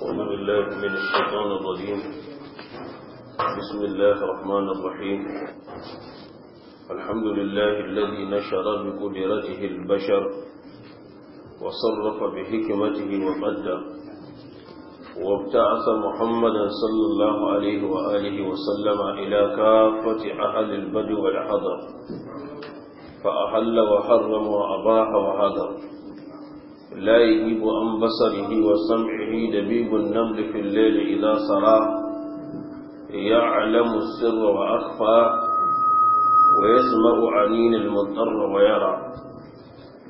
أعوذ بالله من الشيطان الرجيم بسم الله الرحمن الرحيم الحمد لله الذي نشر بقدرته البشر وصرف بحكمته وقدر وابتعث محمدا صلى الله عليه وآله وسلم إلى كافة أهل البدو والحضر فأحل وحرم وأباح وهدر لا يجيب عن بصره وسمعه دبيب النمل في الليل إذا سرى يعلم السر وأخفى ويسمع عنين المضطر ويرى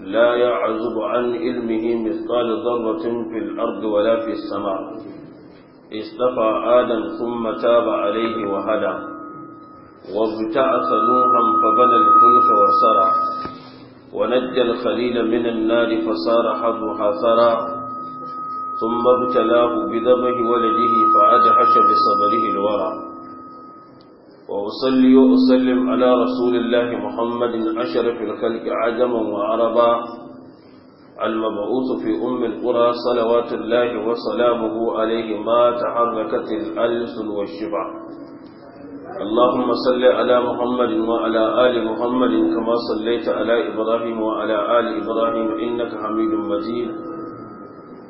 لا يعزب عن علمه مثقال ضرة في الأرض ولا في السماء استفى آدم ثم تاب عليه وهدى وابتعث نوحا فبنى الفلك وسرى ونجى الخليل من النار فصار حظها ثرى ثم ابتلاه بذبه ولده فأدهش بصبره الورى وأصلي وأسلم على رسول الله محمد أشرف الخلق عجما وعربا المبعوث في أم القرى صلوات الله وسلامه عليه ما تحركت الألسن والشبع اللهم صل على محمد وعلى آل محمد كما صليت على إبراهيم وعلى آل إبراهيم إنك حميد مجيد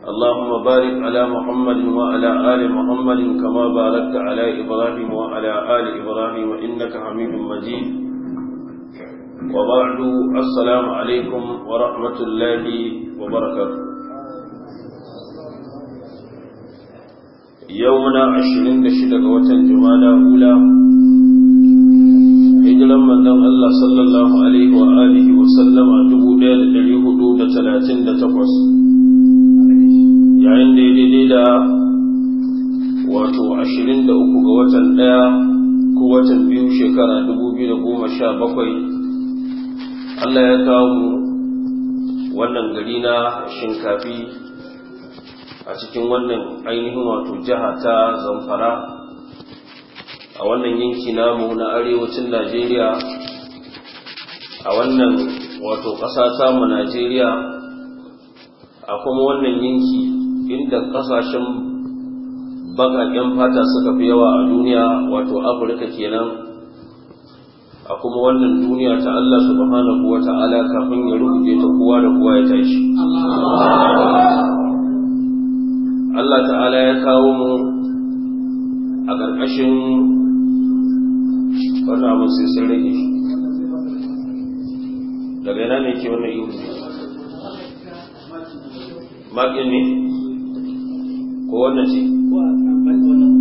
اللهم بارك على محمد وعلى آل محمد كما باركت على إبراهيم وعلى آل إبراهيم إنك حميد مجيد وبعد السلام عليكم ورحمة الله وبركاته yau na ashirin da shi daga watan jumada hula hijiran manzon Allah sallallahu alaihi wa alihi wa sallama 1438 yayin da ya daidai da wato ashirin da uku ga watan daya ko watan biyu shekara 2017 Allah ya kawo wannan gari na shinkafi a cikin wannan ainihin wato jiha ta zamfara a wannan yanki namu na arewacin najeriya a wannan wato ƙasa tamu najeriya a kuma wannan yanki inda ƙasashen baƙaƙen fata suka fi yawa a duniya wato afirka kenan a kuma wannan duniya ta allah subhanahu wa ta'ala kafin ya rubuce kowa da kowa ya tashi Allah ta'ala ya kawo mu a ƙarƙashin wata abu sai sun rage daga yana ne ke wani ihu makin ne ko wannan ce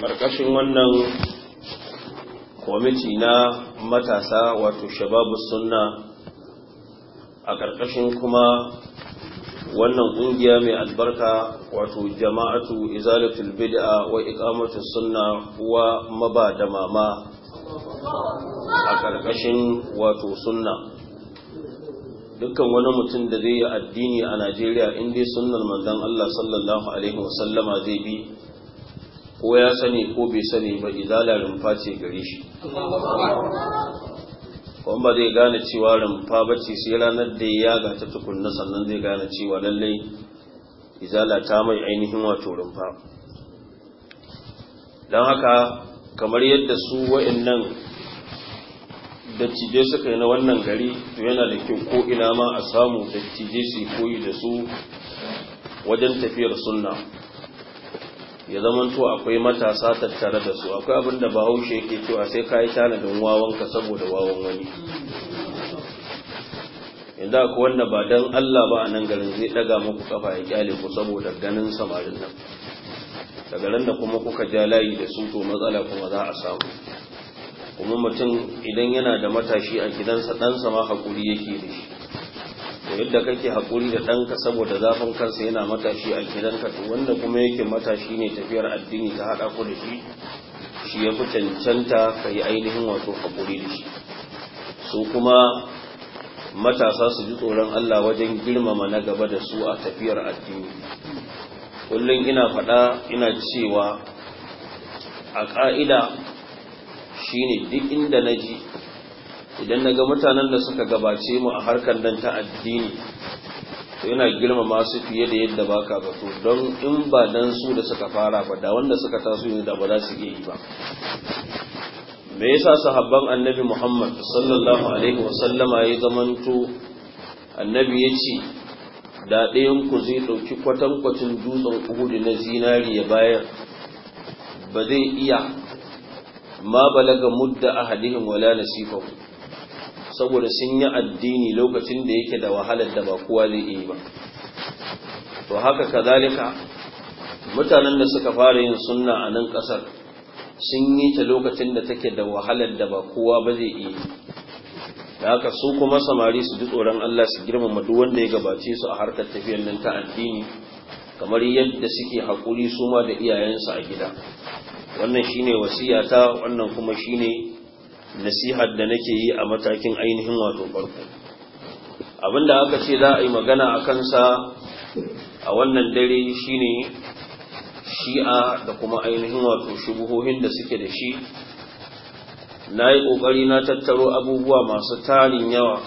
Karkashin wannan kwamiti na matasa wato shababu sunna a karkashin kuma wannan kungiya mai albarka wato jama'atu izalatul bid'a wa iqamatu sunna wa mabada da mama a karkashin wato sunna dukkan wani mutum da zai yi addini a Najeriya in dai sunnar manzon Allah sallallahu alaihi wasallama zai bi ko ya sani ko bai sani ba izala rumfa ce gare shi kuma ba zai gane cewa rumfa ba ce sai ranar da ya ga ta tukunna sannan zai gane cewa lallai izala ta mai ainihin wato rumfa don haka kamar yadda su wa'annan dattijai suka yi na wannan gari to yana da kyau ko ina ma a samu dattijai su koyi da su wajen tafiyar sunna ya zamanto akwai matasa tattare da su akwai abin da bahaushe yake cewa sai ka yi tanadin wawanka saboda wawan wani inda ku wanda ba dan Allah ba a nan garin zai daga muku kafa ya kyale ku saboda ganin samarin nan daga ran da kuma kuka ja layi da su to matsala kuma za a samu kuma mutum idan yana da matashi a gidansa ɗansa ma hakuri yake da shi yadda kake hakuri da ɗanka saboda zafin kansa yana matashi a gidanka to wanda kuma yake matashi ne tafiyar addini ta haɗa ku da shi shi ya fi cancanta ka yi ainihin wato haƙuri da shi su kuma matasa su ji tsoron Allah wajen girmama na gaba da su a tafiyar addini kullum ina faɗa ina cewa a ƙa'ida shine duk inda na ji idan na ga mutanen da suka gabace mu a harkar nan ta addini to yana girmama su fiye da yadda ba ka don in ba dan su da suka fara ba da wanda suka taso ne da ba za su yi ba me yasa sahabban annabi muhammad sallallahu alaihi wasallama ya zamanto annabi ya ce da ɗayan ku zai ɗauki kwatankwacin dutsen uhudu na zinari ya bayar ba zai iya ma balaga mudda ahadihim wala nasifahu saboda sun yi addini lokacin da yake da wahalar da ba kowa zai yi ba to haka kazalika mutanen da suka fara yin sunna a nan kasar sun yi ta lokacin da take da wahalar da ba kowa ba zai yi da haka su kuma samari su ji tsoron Allah su girmama duk wanda ya gabace su a harkar tafiyar nan ta addini kamar yadda suke hakuri su ma da iyayensu a gida wannan shine wasiyata wannan kuma shine nasihar da nake yi a matakin ainihin wato farko abinda aka ce za a yi magana a kansa a wannan dare shine shi'a da kuma ainihin wato shubuhohin da suke da shi na yi ƙoƙari na tattaro abubuwa masu tarin yawa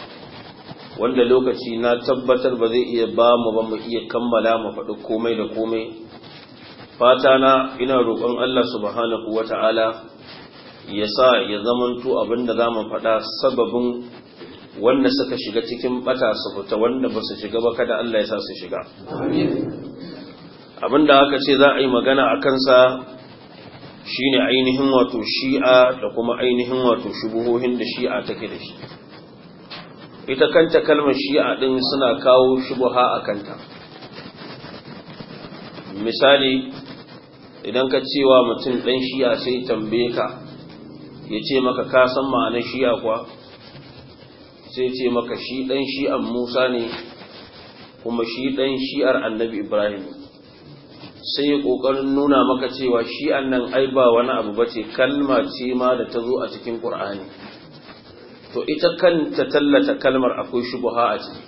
wanda lokaci na tabbatar ba zai iya ba mu ba mu iya kammala mu faɗi komai da komai fata na ina roƙon Allah subhanahu ta'ala ya sa ya zamanto abinda za mu faɗa sababin wanda suka shiga cikin bata su fita wanda ba su shiga ba kada Allah ya sa su shiga abinda aka ce za a yi magana a kansa shine ainihin wato shi'a da kuma ainihin wato shubuhohin da shi'a take da shi ita kanta kalmar shi'a din suna kawo shubuha a kanta misali idan ka cewa mutum ɗan shi'a sai tambaye ka ya ce maka ka san ma'anar shi'a kuwa sai ce maka shi ɗan shi'an musa ne kuma shi ɗan shi'ar annabi ibrahim sai ya ƙoƙarin nuna maka cewa shi'an nan ai ba wani abu ba ce kalma ce ma da ta zo a cikin ƙur'ani to ita kan ta tallata kalmar akwai shubuha a ciki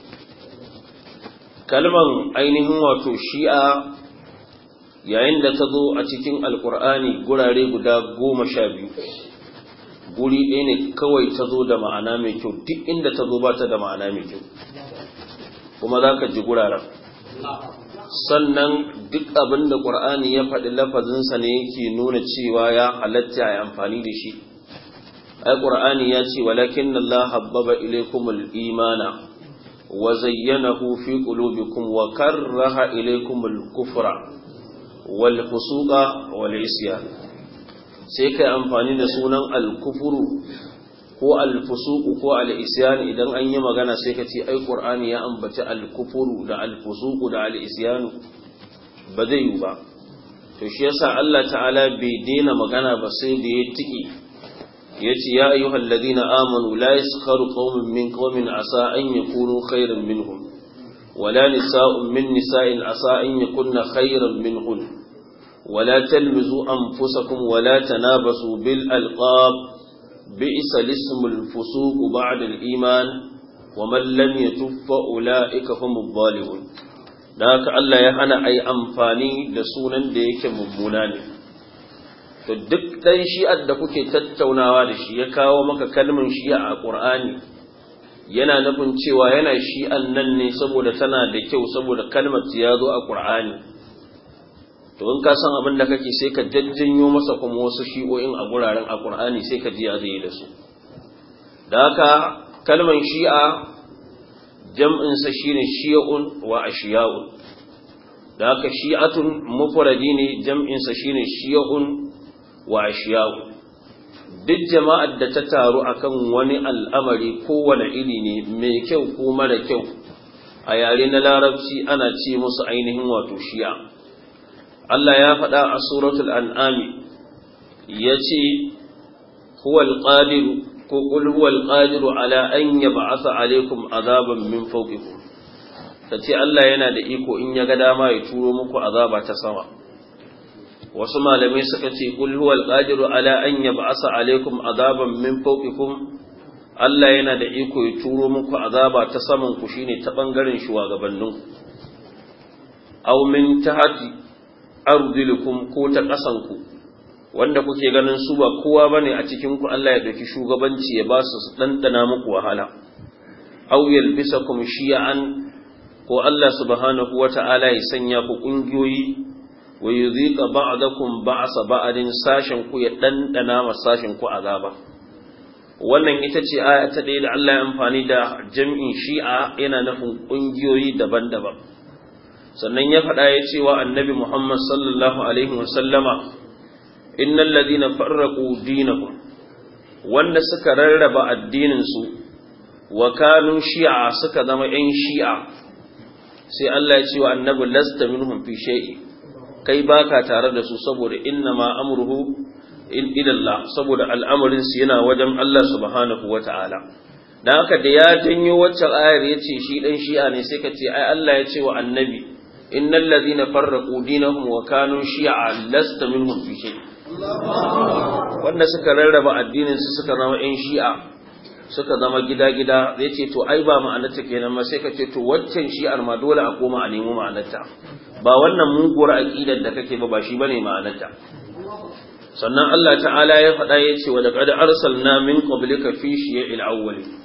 kalman ainihin wato shi'a yayin da ta zo a cikin Alƙur'ani gurare guda goma sha biyu guri ɗaya ne kawai ta zo da ma'ana mai kyau duk inda ta zo ba ta da ma'ana mai kyau kuma za ka ji guraren sannan duk abin da ƙwar'ani ya faɗi lafazinsa ne yake nuna cewa ya halatta ya amfani da shi ai ƙwar'ani ya ce walakin na Allah ilaikumul imana wa zayyana fi qulubikum wa karraha ilaikumul kufra wal fusuqa wal isyan sai kai amfani da sunan al-kufuru ko al ko al-isyan idan an yi magana sai ka ce ai qur'ani ya ambaci al-kufuru da al da al-isyan ba zai yi ba to shi yasa Allah ta'ala bai daina magana ba sai da ya tiki yace ya ayyuhal ladina amanu la yaskharu qaumun min qaumin asa an yakunu khairan minhum wala nisa'un min nisa'in asa an yakunna khairan minhun ولا تلمزوا أنفسكم ولا تنابسوا بالألقاب بئس الاسم الفسوق بعد الإيمان ومن لم يتب فأولئك هم الظالمون ذاك الله يهنا أي أنفاني لسونا ديك مموناني to duk ɗan shi'ar da kuke tattaunawa da shi ya kawo maka kalmin shi'a a ƙur'ani yana nufin cewa yana shi'an nan ne saboda tana da kyau saboda kalmar ya zo a ƙur'ani to in ka san abin da kake sai ka jajjanyo masa kuma wasu shi'o'in a guraren alkur'ani sai ka ji zai yi da su da haka kalman shi'a jam'insa shine shi'un wa ashiya'un da haka shi'atun mufradi ne jam'insa shine shi'un wa ashiya'un duk jama'ar da ta taru akan wani al'amari kowane iri ne mai kyau ko mara kyau a yare na larabci ana ce musu ainihin wato shi'a Allah ya faɗa a suratul an'ami ya ce huwal qadiru ko qul huwal qadiru ala an yab'atha alaykum azaban min fawqikum tace Allah yana da iko in ya ga dama ya turo muku azaba ta sama wasu malamai suka ce qul huwal qadiru ala an yab'atha alaykum azaban min fawqikum Allah yana da iko ya turo muku azaba ta saman ku shine ta bangaren shuwagabanninku aw min tahti arzilukum ko ta ƙasanku wanda kuke ganin su ba kowa bane a cikin ku Allah ya dauki shugabanci ya ba su dandana muku wahala aw yalbisakum shiya'an ko Allah subhanahu wata'ala ya sanya ku kungiyoyi wa ba'dakum ba'sa ba'din sashin ku ya dandana ma sashin ku azaba wannan ita ce aya ta da Allah ya amfani da jam'in shi'a yana nufin ƙungiyoyi daban-daban sannan ya faɗa ya ce wa annabi Muhammad sallallahu alaihi wasallama innal ladina dina ku. wanda suka rarraba addinin su wa shi'a suka zama yan shi'a sai Allah ya ce wa annabi lasta minhum fi shay'i kai baka tare da su saboda ma amurhu in Allah saboda al'amarin yana wajen Allah subhanahu wata'ala dan haka da ya janyo waccan ayar ya ce shi ɗan shi'a ne sai ka ce ai Allah ya ce wa annabi innal ladhina farraqu dinahum wa kanu shi'a lasta minhum fi shay wanda suka rarraba addinin su suka zama shi'a suka zama gida-gida zai ce to ai ba ma'anarta kenan ma sai ka ce to waccan shi'ar ma dole a koma a nemo ma'anarta ba wannan muguwar aqidar da kake ba ba shi bane ma'anarta sannan Allah ta'ala ya faɗa ya ce wa laqad arsalna min qablika fi shi'il awwalin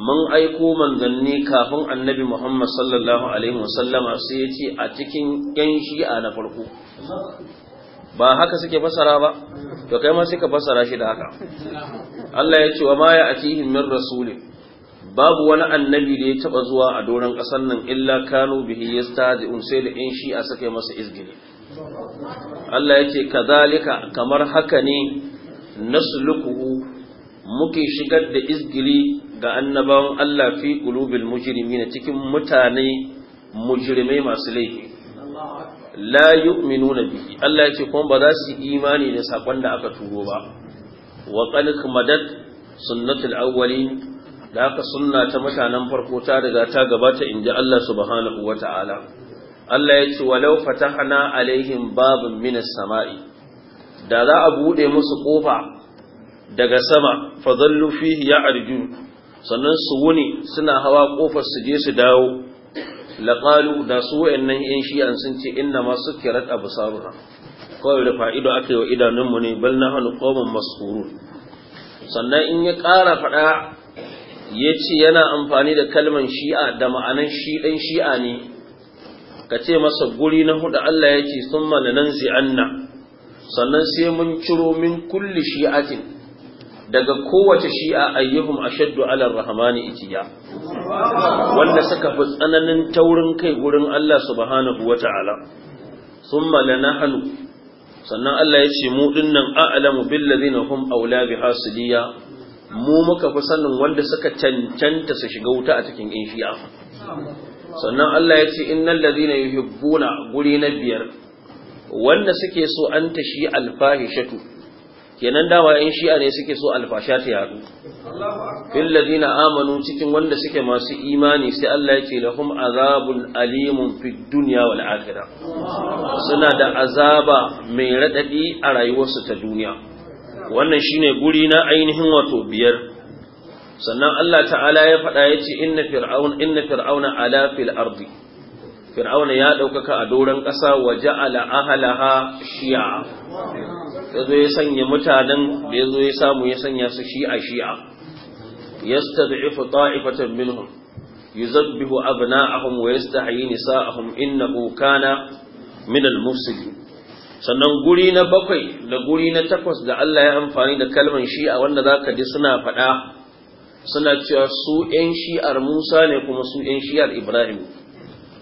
mun aiko manzanni kafin annabi Muhammad sallallahu alaihi wasallama sai ya ce a cikin yan shi'a na farko ba haka suke fasara ba to kai ma suka fasara shi da haka Allah ya ce wa ma ya atihim min rasulin babu wani annabi da ya taɓa zuwa a doron ƙasar nan illa kanu bihi yastadi'un sai da yan shi'a suka yi masa izgili Allah ya ce kadhalika kamar haka ne nasluquhu muke shigar da izgili ga annabawan Allah fi qulubil na cikin mutane mujrimai masu laifi la na bihi Allah ya ce kuma ba za su imani da saƙon da aka turo ba wa qad madat sunnatul awwalin da aka sunna ta mutanen farko ta riga ta gabata inji Allah subhanahu wata'ala Allah ya ce walau fatahna alaihim babun minas sama'i da za a buɗe musu ƙofa. daga sama fadallu fihi ya arju sannan su wuni suna hawa kofar su je su dawo laƙalu da su wayannan yan shi'an sun ce inna ma sukirat absaruna kawai da fa'ido aka yi wa idanunmu ne bal nahnu qawmun mas'urun sannan in ya ƙara faɗa ya ce yana amfani da kalman shi'a da ma'anan shi ɗan shi'a ne ka ce masa guri na hudu Allah ya ce sun mana nan zi'anna sannan sai mun ciro min kulli shi'atin daga kowace shi'a ayyuhum ashaddu ala rahmani itiya wanda suka fi tsananin taurin kai gurin Allah subhanahu wata'ala thumma lanahnu sannan Allah ya ce mu dinnan a'lamu bil ladina hum aula bi hasiliya mu muka fi sanin wanda suka cancanta su shiga wuta a cikin inshi'a. sannan Allah ya ce innal ladina yuhibbuna guri na biyar wanda suke so an tashi alfahishatu kenan dama yan shi'a ne suke so alfasha ta yadu fil ladina amanu cikin wanda suke masu imani sai Allah ya ce lahum azabun alimun fid dunya wal akhirah suna da azaba mai radadi a rayuwarsu ta duniya wannan shine guri na ainihin wato biyar sannan Allah ta'ala ya faɗa ya ce inna fir'aun inna fir'auna ala fil ardi fir'auna ya ɗaukaka a doron ƙasa wa ja'ala ahlaha shi'a ya zo ya sanya mutanen da ya zo ya samu ya sanya su shi a shi'a shi'a yastad'ifu ta'ifatan minhum yuzabbihu abna'ahum wa yastahyi nisa'ahum innahu kana min al-mufsidin sannan guri na bakwai da guri na takwas da Allah ya amfani da kalmar shi'a wanda zaka ji suna faɗa suna cewa su yan shi'ar Musa ne kuma su yan shi'ar Ibrahim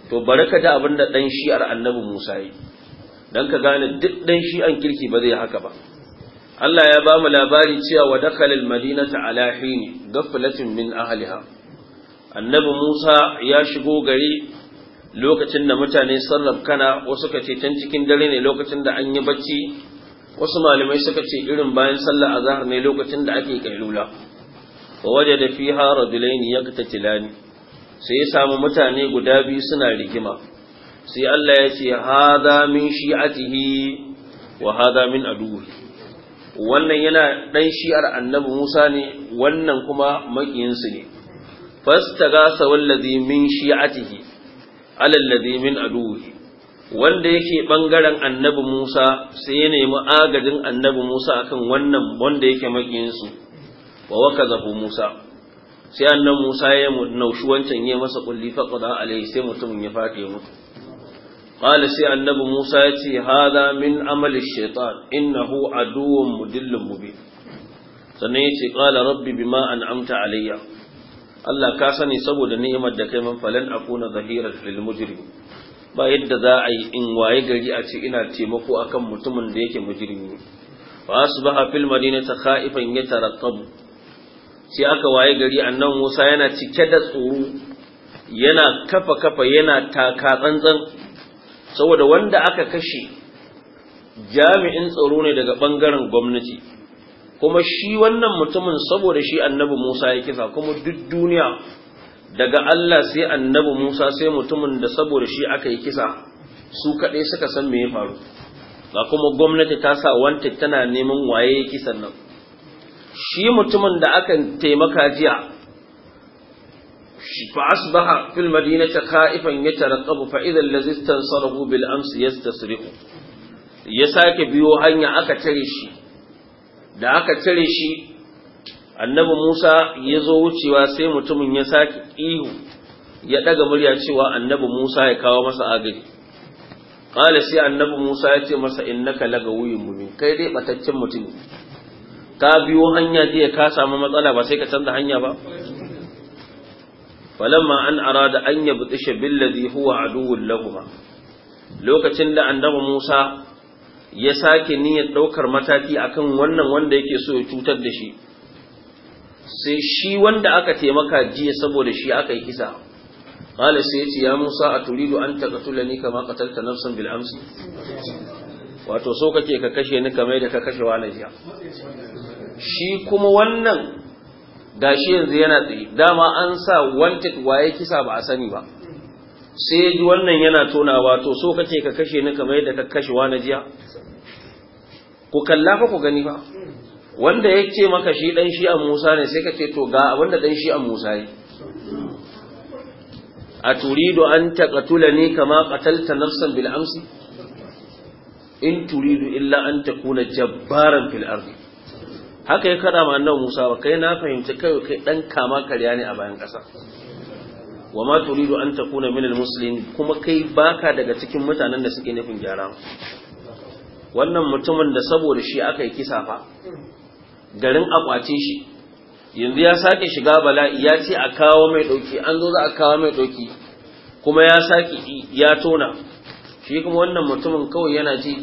to baraka da abin da ɗan shi'ar Annabi Musa yi dan ka gane duk ɗan shi an kirki ba zai haka ba Allah ya ba mu labari cewa wa dakhala al-madinata ala hini min ahliha annabi Musa ya shigo gari lokacin da mutane sarraf kana wasu ka ce can cikin dare ne lokacin da an yi bacci wasu malamai suka ce irin bayan sallar azhar ne lokacin da ake kailula wa wajada fiha rajulaini yaqtatilani sai ya samu mutane guda biyu suna rigima sai Allah ya ce hada min shi'atihi wa hada min aduwi wannan yana dan shi'ar annabi Musa ne wannan kuma makiyinsu ne fastagasa wallazi min shi'atihi alallazi min aduwi wanda yake bangaren annabi Musa sai ya nemi agajin annabi Musa akan wannan wanda yake makiyinsu wa wakazahu Musa sai annan Musa ya naushi wancan ya masa kulli faqada alai sai mutumin ya fadi mutu قال سي النبي موسى يتي هذا من عمل الشيطان إنه عدو مدل مبين سنيتي قال ربي بما أنعمت علي الله كاسني سبو دنيمة دكيما فلن أكون ظهيرا للمجرم ba yadda za a yi in waye gari a ce ina taimako akan mutumin da yake mujrimi fa asbaha fil madinati khaifan yatarqabu sai aka waye gari annan Musa yana cike da tsoro yana kafa kafa yana taka tsantsan saboda wanda aka kashe jami'in tsaro ne daga ɓangaren gwamnati kuma shi wannan mutumin saboda shi annabi musa ya kisa kuma duk duniya daga allah sai annabi musa sai mutumin da saboda shi aka yi kisa su kaɗai suka san me ya faru ga kuma gwamnati ta sa wanta tana neman waye kisan nan shi mutumin da aka taimaka jiya فأصبح في المدينة خائفا يترقب فإذا الذي استنصره بالأمس يستصرخ يساك aka هنيا shi, تريشي دا أكا تريشي annabi Musa ya zo wucewa sai mutumin ya sake ihu ya ɗaga murya cewa annabi Musa ya kawo masa agaji. Ƙala sai annabi Musa ya ce masa innaka laga wuyin mumi kai dai bataccen mutum ka biyo hanya jiya ka sami matsala ba sai ka canza hanya ba falamma an arada an yabtisha billadhi huwa aduwwul lahum lokacin da annabi Musa ya sake niyyar ɗaukar mataki akan wannan wanda yake so ya cutar da shi sai shi wanda aka taimaka jiya saboda shi aka yi kisa qala sai yace ya Musa aturidu an taqtulani kama qatalta nafsan bil amsi wato so kake ka kashe ni kamar da ka kashe na jiya shi kuma wannan gashi yanzu yana tsaye dama an sa wanted waye kisa ba a sani ba sai wannan yana tonawa to so kake ka kashe ni kamar yadda ka kashe wa na jiya ku kalla fa ku gani ba wanda ya maka shi dan shi an Musa ne sai kace to ga abinda dan shi an Musa yi a turidu an taqatula ni kama qatalta nafsan bil amsi in turidu illa an takuna jabbaran fil ardi haka ya kada ma annabi Musa ba kai na fahimci kai kai dan kama karya ne a bayan ƙasa wa ma turidu an takuna minal muslimin kuma kai baka daga cikin mutanen da suke nufin gyara wannan mutumin da saboda shi aka yi kisa fa garin akwace shi yanzu ya sake shiga bala'i ya ce a kawo mai ɗauki an zo za a kawo mai ɗauki kuma ya sake ya tona shi kuma wannan mutumin kawai yana ji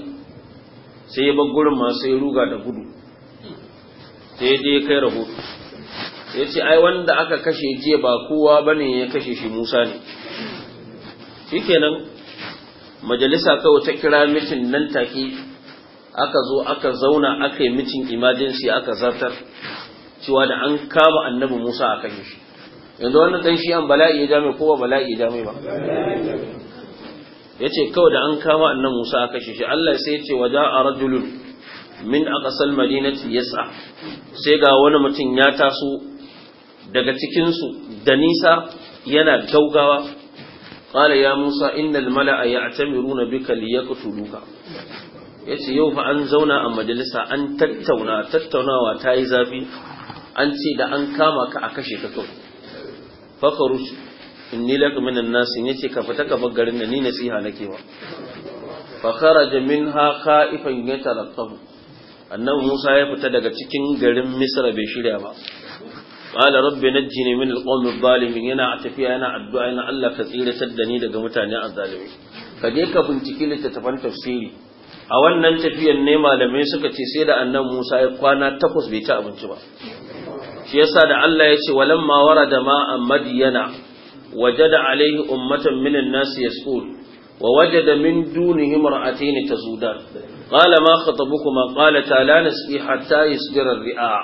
sai ya bar gurin masu ya ruga da gudu sai je kai rahoto ya ce ai wanda aka kashe jiya ba kowa ba ne ya kashe shi musa ne kenan majalisa kawai ta kira mitin nan take aka zo aka zauna aka yi mitin emergency aka zartar cewa da an kama annabi musa a kashe shi yanzu wannan dan shi an bala'i ya jami kowa bala'i ya jami ba ya ce kawai da an kama annan musa a kashe shi allah sai ya ce waje a rajulun min ƙasar madinati yas'a sai ga wani mutum ya taso daga cikin su da nisa yana gaugawa qala ya musa innal mala'a ya'tamiruna bika Ya yace yau fa an zauna a majalisa an tattauna tattaunawa ta yi zafi an ce da an kama ka a kashe ka kawai fakaruci inni laka minan nasi yace ka fita ka garin da ni nasiha nake wa fakara jamin ha ifan ya annabi Musa ya fita daga cikin garin Misra bai shirya ba qala rabbi najjini min alqawmi adh-dhalimin yana tafiya yana addu'a yana Allah ka tsiratar da ni daga mutane azzalimi ka je ka binciki littattafan tafsiri a wannan tafiyar ne malamai suka ce sai da annabi Musa ya kwana takwas bai ci abinci ba shi yasa da Allah ya ce walamma warada ma'a madyana wajada alaihi ummatan minan nasi yasqul ووجد من دونه امرأتين تزودان قال ما خطبكما قالتا لا نسقي حتى يصدر الرعاع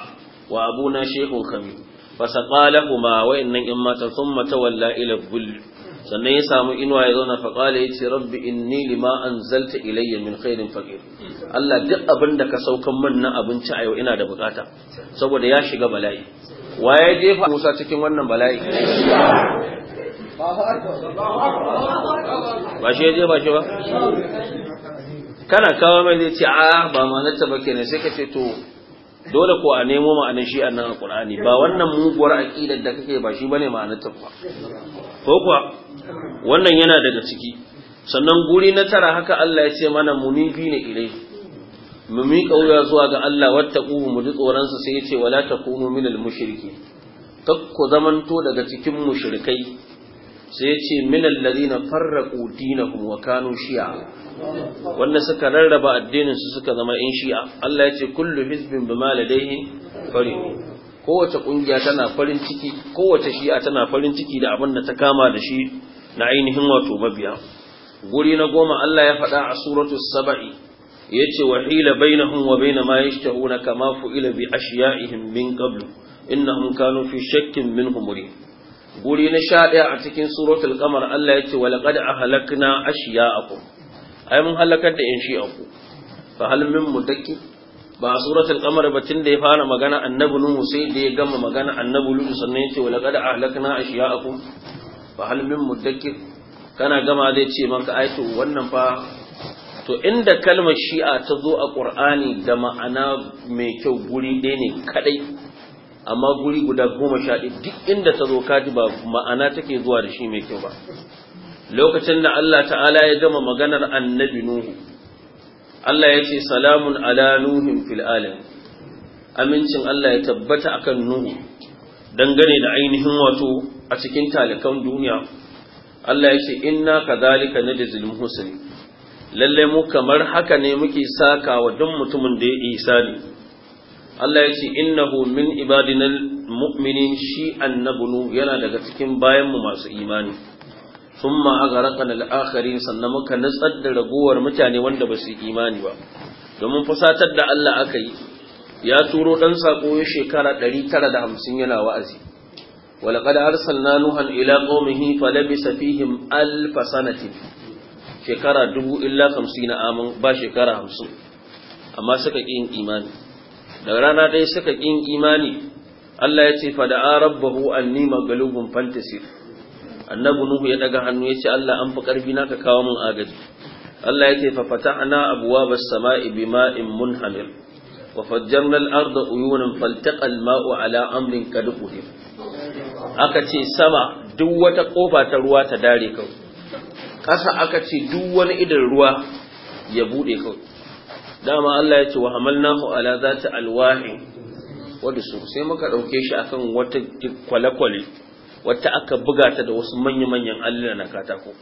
وأبونا شيخ كبير فسقى لهما وإن إما ثم تولى إلى الظل sannan ya samu inuwa ya zauna faƙala ya ce rabbi inni lima an zalta ilayya min khairin faƙir Allah duk abin da ka saukan min na abinci a yau ina da bukata saboda ya shiga bala'i ya jefa Musa cikin wannan bala'i ba shi ya je ba shi ba kana kawo mai zai ce a ba manarta ba kenan sai ka ce to dole ko a nemo ma'anar shi annan a ƙulani ba wannan muguwar aqidar da kake ba shi ba ma'anar ma'anarta ba. ko kuwa wannan yana daga ciki sannan guri na tara haka Allah ya ce mana munifi ne ilai mu mi kauya zuwa ga Allah ƙuhu mu ji tsoron sa sai ya ce wala takunu minal mushriki kakko zamanto daga cikin mushrikai sai ya ce minal ladina farraqu dinahum wa kanu shi'a wanda suka rarraba addinin su suka zama in shi'a Allah ya ce kullu hizbin bima ladayhi farihun kowace kungiya tana farin ciki kowace shi'a tana farin ciki da abin da ta kama da shi na ainihin wato mabiya guri na goma Allah ya faɗa a suratu saba'i ya ce wa hila bainahum wa baina ma yashtahuna kama fu'ila bi ashiya'ihim min qablu innahum kanu fi shakkin min guri na sha ɗaya a cikin suratul qamar Allah ya ce wa laqad ahlakna ashiya'akum ai mun halakar da a ku, fa hal min mudakki ba a suratul qamar ba tun da ya fara magana annabi nuhu sai da ya gama magana annabi lutu sannan ya ce wa laqad ahlakna ashiya'akum fa hal min mudakki kana gama zai ce maka ai to wannan fa to inda kalmar shi'a ta zo a qur'ani da ma'ana mai kyau guri ɗaya ne kadai amma guri guda goma sha duk inda ta zo kaji ba ma'ana take zuwa da shi mai kyau ba lokacin da Allah ta'ala ya gama maganar annabi Nuhu Allah ya ce salamun ala nuhin fil alam amincin Allah ya tabbata akan Nuhu dangane da ainihin wato a cikin talikan duniya Allah ya ce inna kadhalika najzil muhsin lalle mu kamar haka ne muke saka wa duk mutumin da ya isali Allah ya ce innahu min ibadina mu'minin shi annabunu yana daga cikin bayanmu masu imani thumma agharaqna al-akharin sannan muka nutsar da ragowar mutane wanda ba su imani ba domin fusatar da Allah aka yi ya turo dan sako ya shekara 950 yana wa'azi ولقد أرسلنا نوحا إلى قومه فلبس فيهم ألف سنة شكرا دبو إلا خمسين ba shekara شكرا Amma suka سكا إن imani. daga rana ɗaya suka ƙin imani Allah ya ce fada'a rabbahu ma maghlubun fantasi annabi nuhu ya daga hannu ya ce Allah an fi karfi na ka kawo mun agaji Allah ya ce fa fatahna abwaabas samaa'i mun munhamir wa fajjarna al uyunan faltaqa mau ala amrin kad aka ce sama duk wata ƙofa ta ruwa ta dare kawai ƙasa aka ce duk wani idan ruwa ya bude kawai dama Allah ya ce wa hamalnahu ala zati alwahi wadda su sai muka ɗauke shi akan wata kwale-kwale wata aka buga ta da wasu manya-manyan allina na katako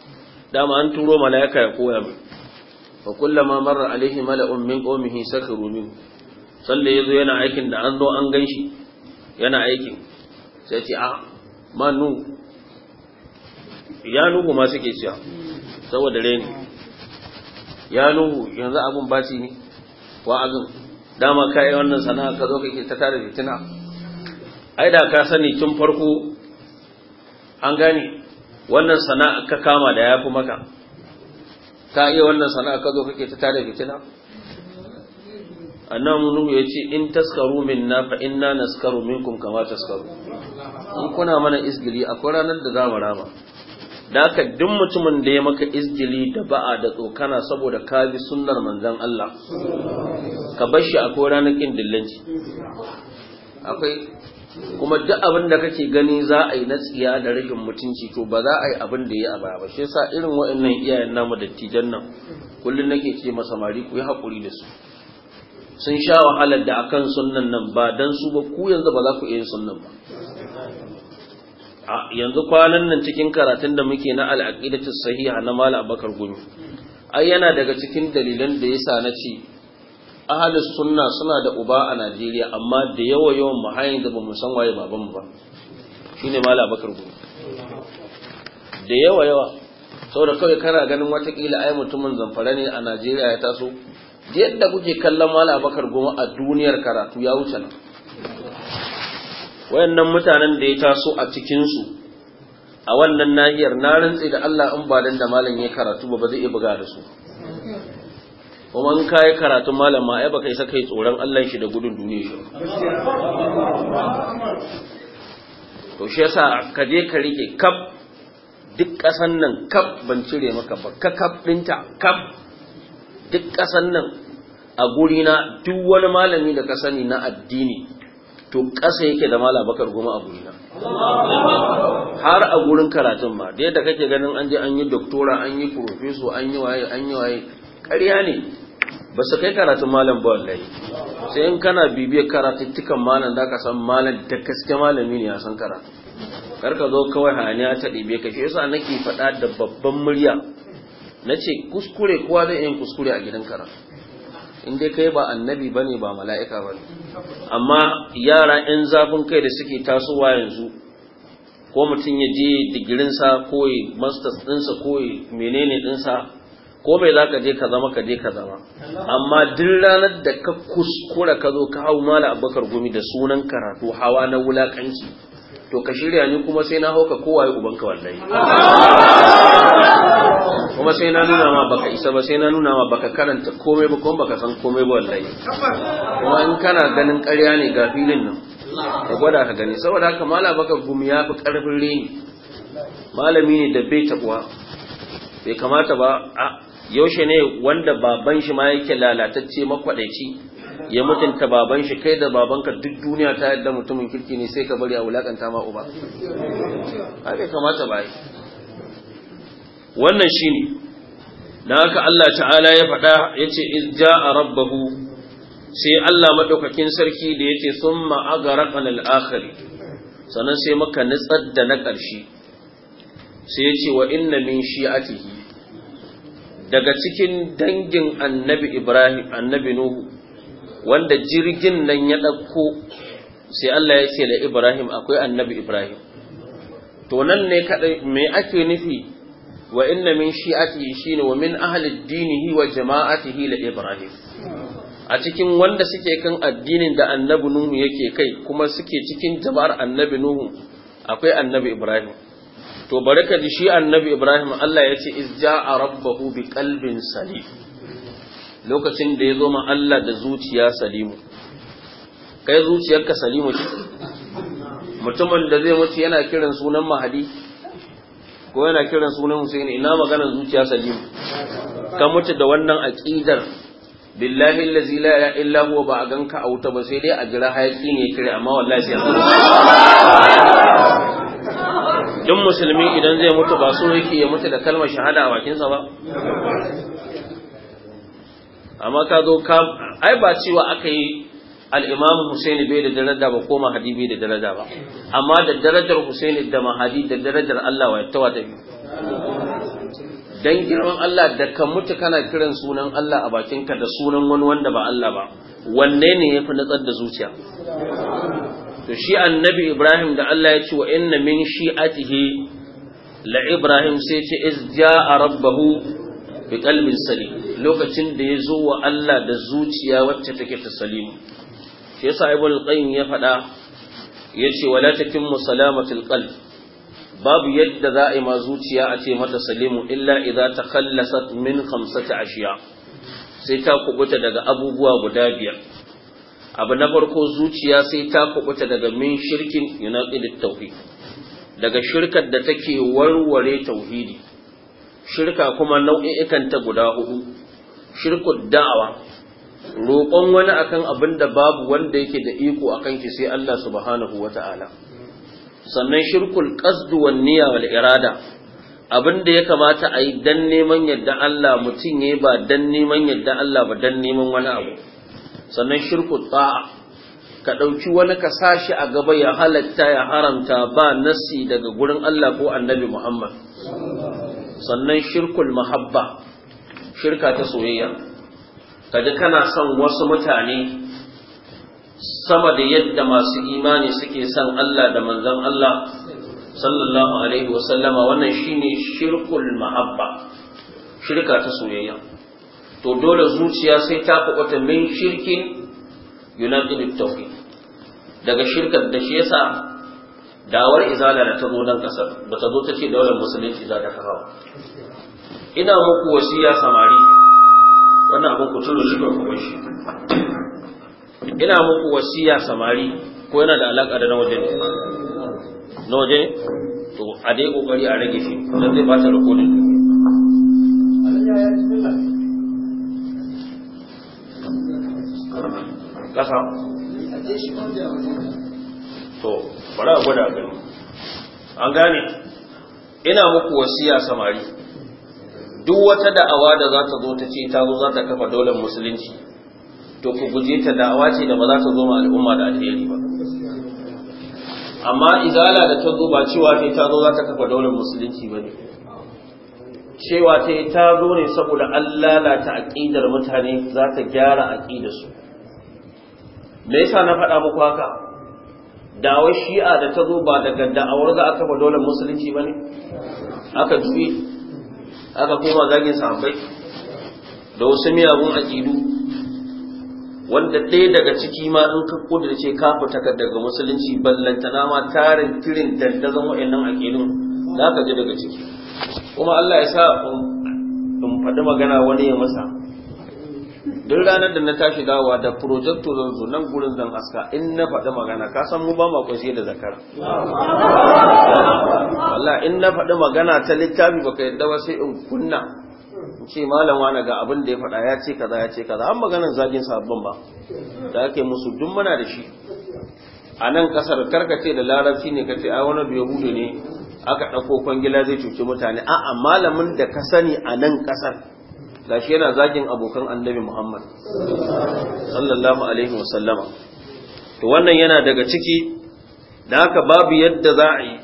dama an turo mala'ika ya koya min fa kullama marra alaihi mala'un min qawmihi sakaru min sallai yazo yana aikin da an zo an ganshi yana aikin sai ce a manu ya nuhu ma suke cewa saboda reni ya nuhu yanzu abun baci ne azu dama ka yi wannan sana'a ka zo kake ta tare fitina ai da ka sani tun farko an gane wannan sana'a ka kama da yafi maka ka yi wannan sana'a ka zo kake ta tare fitina annabi nuhu ya ce in taskaru minna fa inna naskaru minkum kama taskaru in kuna mana isgili akwai ranar da za mu rama da haka duk mutumin da ya maka izgili da ba'a da tsokana saboda ka bi sunnar manzon Allah ka bar shi akwai ranar kin dillanci akwai kuma duk abin da kake gani za a yi na tsiya da rashin mutunci to ba za a yi abin da ya a baya ba shi yasa irin waɗannan iyayen namu dattijan nan kullum nake ce ma samari ku yi haƙuri da su sun sha wahalar da akan sunnan nan ba dan su ba ku yanzu ba za ku iya yin sunnan ba yanzu kwanan nan cikin karatun da muke na al'aqidatu sahiha na Malam Bakar Gumi ai yana daga cikin dalilan da ya sa na ce ahlus sunna suna da uba a Najeriya amma da yawa yawan mu da ba bamu san waye baban ba ba shine Malam Bakar Gumi da yawa yawa sau da kawai kana ganin watakila ai mutumin zamfara ne a Najeriya ya taso yadda kuke kallon Malam Bakar Gumi a duniyar karatu ya wuce nan wayannan mutanen da ya taso a cikinsu a wannan nahiyar na rantse da Allah in ba dan da malam ya karatu ba ba zai iya buga da su kuma in kai karatu malam ma ai baka isa kai tsoron Allah shi da gudun duniya shi to shi yasa ka je ka rike kaf duk kasan nan kaf ban cire maka ba ka kaf dinta kaf duk kasan nan a gurina duk wani malami da ka sani na addini to ƙasa yake da mala bakar goma a gurina har a gurin karatun ma da yadda kake ganin an je an yi doktora an yi profeso an yi waye an yi waye ƙarya ne ba su kai karatun malam ba wallahi sai in kana bibiyar karatuttukan malam da ka san malam da gaske malami ne ya san karatu kar ka zo kawai hayaniya ta ɗibe ka shi yasa nake faɗa da babban murya na ce kuskure kowa zai yin kuskure a gidan karatu in dai kai ba annabi bane ba mala'ika bane amma yara 'yan zafin kai da suke tasowa yanzu ko mutum ya je digirinsa ko ya masters ɗinsa ko ya menene ɗinsa ko bai za ka je ka zama ka je ka zama amma duk ranar da ka kuskura ka zo ka hau mala abubakar gumi da sunan karatu hawa na wulakanci to ka shirya ni kuma sai na hauka kowaye ubanka wallahi kuma sai na nuna ma baka isa ba sai na nuna ma baka karanta komai ba kuma baka san komai ba wallahi kuma in kana ganin ƙarya ne ga filin nan ka gwada ka gani saboda haka mala baka gumi ya fi ƙarfin reni malami ne da bai taɓuwa bai kamata ba a yaushe ne wanda baban shi ma yake lalatacce makwaɗaici ya mutunta baban shi kai da babanka duk duniya ta yadda mutumin kirki ne sai ka bari a wulakanta ma uba haka kamata ba yi wannan shine dan haka Allah ta'ala ya faɗa yace iz jaa rabbahu sai Allah madaukakin sarki da yace summa agharqana al-akhir sannan sai maka nitsar da na ƙarshe sai yace wa inna min shi'atihi daga cikin dangin annabi Ibrahim annabi Nuhu wanda jirgin nan ya ɗauko sai Allah ya ce da Ibrahim akwai annabi Ibrahim to nan ne kaɗai me ake nufi wa inna min shi ne, wa min dini dinihi wa jama'atihi da Ibrahim a cikin wanda suke kan addinin da annabi Nuhu yake kai kuma suke cikin jama'ar annabi Nuhu akwai annabi Ibrahim to ka ji shi annabi Ibrahim Allah ya ce iz ja'a rabbahu bi kalbin salim lokacin da ya zo ma Allah da zuciya salimu kai zuciyarka salimu ce mutumin da zai mutu yana kiran sunan mahadi ko yana kiran sunan Hussein ina magana zuciya salimu ka mutu da wannan aqidar billahi allazi la ilaha illa huwa ba a ganka a wuta ba sai dai a jira hayaki ne kire amma wallahi sai duk musulmi idan zai mutu ba so yake ya mutu da kalmar shahada a bakinsa ba amma ka zo ka ai ba cewa aka yi al Husaini bai da daraja ba ko Mahadi bai da daraja ba amma da darajar Husaini da Mahadi, da darajar Allah wa tawa da dan girman Allah da ka mutu kana kiran sunan Allah a bakinka da sunan wani wanda ba Allah ba wanne ne yafi natsar da zuciya to shi annabi Ibrahim da Allah ya ce wa inna min shi'atihi la Ibrahim sai ce iz a rabbahu bi qalbin salim lokacin da ya zo wa Allah da zuciya wacce take ta salimu shi yasa ibn al-qayyim ya faɗa yace wala takimmu salamatul qalb babu yadda za a yi ma zuciya a ce mata salimu illa idza takhallasat min khamsati ashiya sai ta kubuta daga abubuwa guda biyar abu na farko zuciya sai ta kubuta daga min shirkin yunaqidit tauhid daga shirkar da take warware tauhidi shirka kuma nau'i'ikanta guda hudu shirku da'awa roƙon wani akan abin da babu wanda yake da iko akan shi sai Allah subhanahu wata'ala sannan shirkul qasd wan niyya wal irada abin da ya kamata a yi dan neman yadda Allah mutum ya ba dan neman yadda Allah ba dan neman wani abu sannan shirku ta'a ka ɗauki wani ka sashi a gaba ya halatta ya haramta ba nasi daga gurin Allah ko annabi Muhammad sannan shirkul mahabba shirka ta soyayya kaji kana son wasu mutane sama da yadda masu imani suke son Allah da manzon Allah sallallahu alaihi wasallama wannan shine shirkul mahabba shirka ta soyayya to dole zuciya sai ta kwakwata min shirkin yunadin tawfi daga shirkar da shi yasa dawar izala da ta zo nan kasar ba ta zo ta ce dawar musulunci za ta kafa ina muku wasiya samari wannan abin kuturu turu shi kuma shi ina muku wasiya samari ko yana da alaka da na waje ne na waje to a dai kokari a rage shi don zai bata rukunin kasa to bara gwada gani an gane ina muku wasiya samari duk wata da'awa da za ta zo ta ce ta zo za ta kafa daular musulunci to ku guje ta da'awa ce da ba za ta zo ma al'umma da alheri ba amma izala da ta zo ba cewa ta ta zo za ta kafa daular musulunci ba ne cewa ta ta zo ne saboda an lalata aƙidar mutane za ta gyara aƙidar su me yasa na faɗa muku haka da'awar shi'a da ta zo ba daga da'awar za a kafa daular musulunci ba ne aka juye aka koma zagin sahabbai da wasu miyagun aƙidu wanda ɗaya daga ciki ma in ka kudu da ce ka daga musulunci ballantana ma tarin tirin dandazon wa'annan aƙidun za ka ji daga ciki kuma Allah ya sa in faɗi magana wani ya masa duk ranar da na tashi dawa da projecto zan zo nan gurin zan aska in na faɗi magana ka san mu ba ma kwashe da zakar. Allah in na faɗi magana ta littafi baka yadda ba sai in kunna in ce malam wani ga abin da ya faɗa ya ce kaza ya ce kaza an maganar zagin sabbin ba da ake musu duk muna da shi a nan kasar karkace da larabci ne kace ai wani yahudu ne aka ɗauko kwangila zai cuci mutane a'a malamin da ka sani a nan kasar gashi yana zagin abokan annabi Muhammad sallallahu alaihi wasallama to wannan yana daga ciki da haka babu yadda za a yi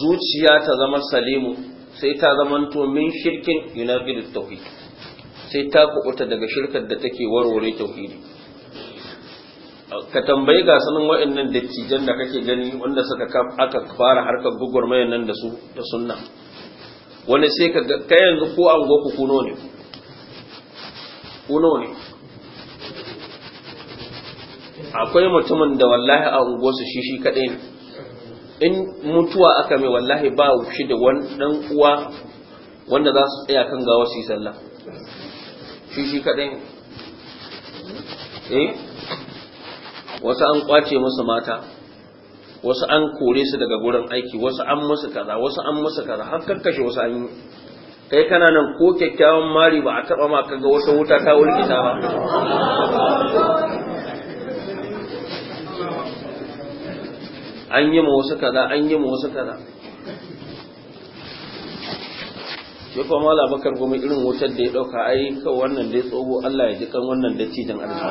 zuciya ta zama salimu sai ta zamanto min shirkin United tauhid sai ta kuɓuta daga shirkar da take warware tauhidi ka tambayi ga sanin wa'annan dattijan da kake gani wanda suka aka fara harkar gugurmayan nan da su da sunna wani sai ka ga yanzu ko an ku kuno ne uno ne akwai mutumin da wallahi a unguwarsu shi shi kaɗai ne in mutuwa aka mai wallahi ba shi da wani uwa wanda za su tsaya kan gawa su yi sallah shi shi kaɗai ne eh? wasu an kwace musu mata wasu an kore su daga gurin aiki wasu an musu kaza wasu an musu kaza har kakkashe wasu an yi kai kana nan ko kyakkyawan mari ba a taba ma kaga wata wuta ta ta ba an yi ma wasu kaza an yi ma wasu kaza ya mala bakar goma irin wutar da ya dauka ai kawai wannan dai tsogo Allah ya ji kan wannan da cijin arziki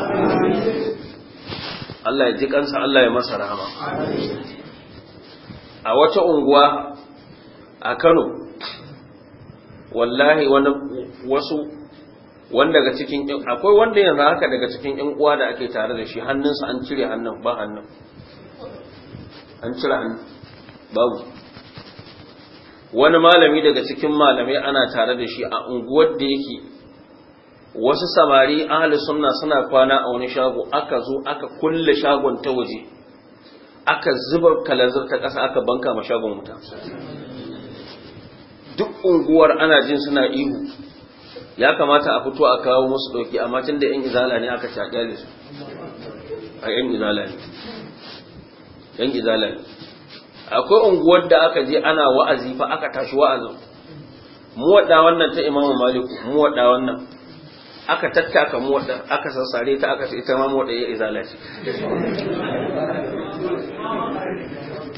Allah ya ji kansa Allah ya masa rahama a wata unguwa a Kano wallahi wani wasu wanda daga cikin akwai wanda yanzu haka daga cikin yan uwa da ake tare da shi hannunsa an cire hannun ba hannun an cire hannun babu wani malami daga cikin malamai ana tare da shi a unguwar da yake wasu samari ahli sunna suna kwana a wani shago aka zo aka kulle shagon ta waje aka zubar kalazar ta ƙasa aka banka ma shagon wuta duk unguwar ana jin suna ihu ya kamata a fito a kawo musu ɗauki amma tun da 'yan izala ne aka da su a 'yan izala ne 'yan izala ne akwai unguwar da aka je ana wa'azi fa aka tashi wa'azin mu waɗa wannan ta imamu maliku mu waɗa wannan aka tattaka mu waɗa aka sassare ta aka ita ma mu waɗa ya izala ce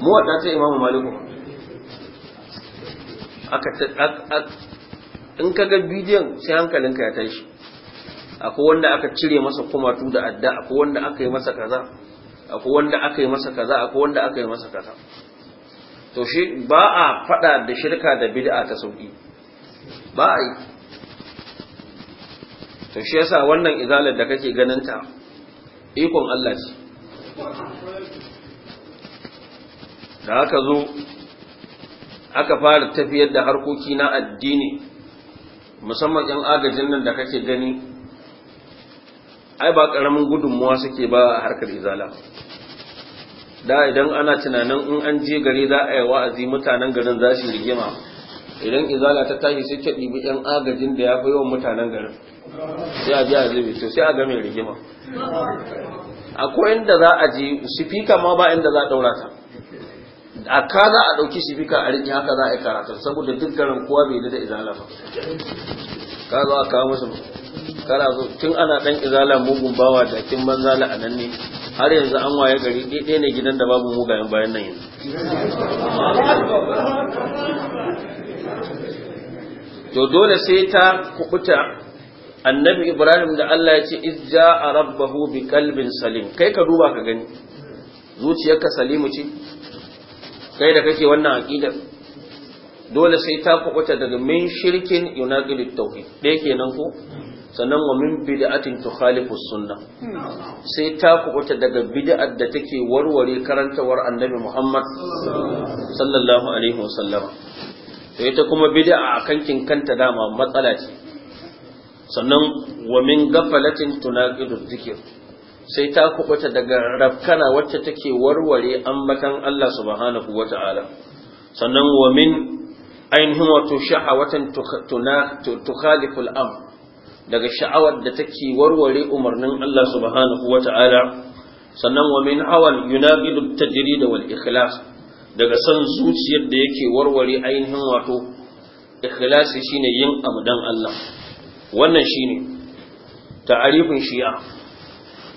mu waɗa ta imamu maliku aka in ka ga bidiyon sai hankalinka ya tashi akwai wanda aka cire masa kumatu da adda akwai wanda aka yi masa kaza akwai wanda aka yi masa kaza akwai wanda aka yi masa kaza to shi ba a fada da shirka da bid'a ta sauki ba a yi to shi yasa wannan izalar da kake ganin ta ikon Allah ce da aka zo aka fara tafiyar da harkoki na addini musamman 'yan agajin nan da kake gani ai ba karamin gudunmuwa suke ba a harkar izala da idan ana tunanin in an je gari za a yi wa'azi mutanen garin za su rigima idan izala ta tashi sai ta ɗibi 'yan agajin da ya fi yawan mutanen garin sai a biya zai to sai a ga mai rigima akwai inda za a je fika ma ba inda za a ɗaura ta a ka za a ɗauki shi fika a riƙe haka za a yi karatu saboda duk garin kowa bai da izala ba ka zo a kawo musu kana zo tun ana ɗan izala mugun bawa da kin banza nan ne har yanzu an waye gari ɗaya ne gidan da babu mugayen bayan nan yanzu to dole sai ta kukuta annabi ibrahim da allah ya ce izja a rabbahu bi kalbin salim kai ka duba ka gani zuciyarka salimu ce kai da kake wannan aqidar dole sai ta kubuta daga min shirkin yunaqilit tauhid ɗaya kenan ko sannan wa min bid'atin tukhalifu sunnah sai ta kubuta daga bid'ar da take warware karantawar annabi Muhammad sallallahu alaihi wasallam ita kuma bid'a akan kin kanta dama matsala ce sannan wa min gafalatin tunaqidu dhikr sai ta kubuta daga rafkana wacce take warware ambatan Allah subhanahu wata'ala sannan wa min ainihin wato sha'awatan tuna tukhalifu al-am daga sha'awar da take warware umarnin Allah subhanahu wata'ala sannan wa min hawan yunabidu at-tajrid wal ikhlas daga san zuciyar da yake warware ainihin wato ikhlasi shine yin abu dan Allah wannan shine ta'arifin shi'a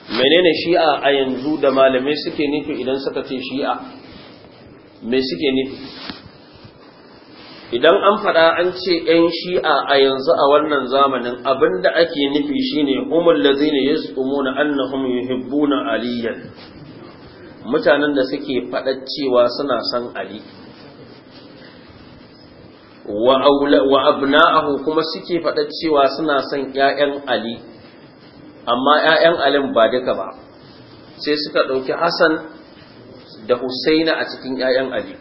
menene shi'a a yanzu da malamai suke nufi idan suka ce shi'a me suke nufi idan an faɗa an ce 'yan shi'a a yanzu a wannan zamanin abinda ake nufi shine humul ladzina yaz'umuna annahum yuhibbuna aliyan mutanen da suke faɗa cewa suna son ali wa abna'ahu kuma suke faɗa cewa suna son 'ya'yan ali amma 'ya'yan alim ba duka ba sai suka ɗauki hassan da husaini a cikin 'ya'yan ali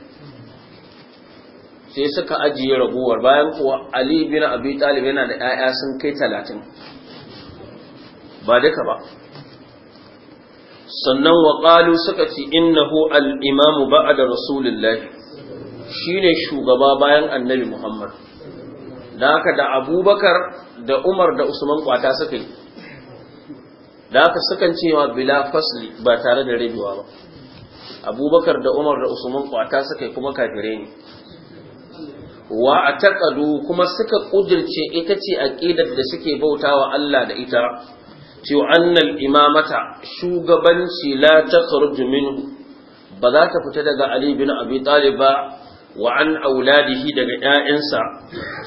sai suka ajiye raguwar bayan kuwa ali bin abi talib yana da 'ya'ya sun kai talatin ba duka ba sannan waƙalu suka ci innahu al'imamu ba a da rasulullahi shi ne shugaba bayan annabi muhammad da haka da abubakar da umar da usman kwata suka yi da haka sukan cewa bila fasli ba tare da rabewa ba abubakar da umar da usman kwata suka yi kuma kafire ne wa a taƙadu kuma suka ƙudirce ita ce aƙidar da suke bautawa Allah da ita cewa annal imamata shugabanci la takhruju minhu ba za ta fita daga Ali bin Abi Talib ba wa an auladihi daga ƴaƴansa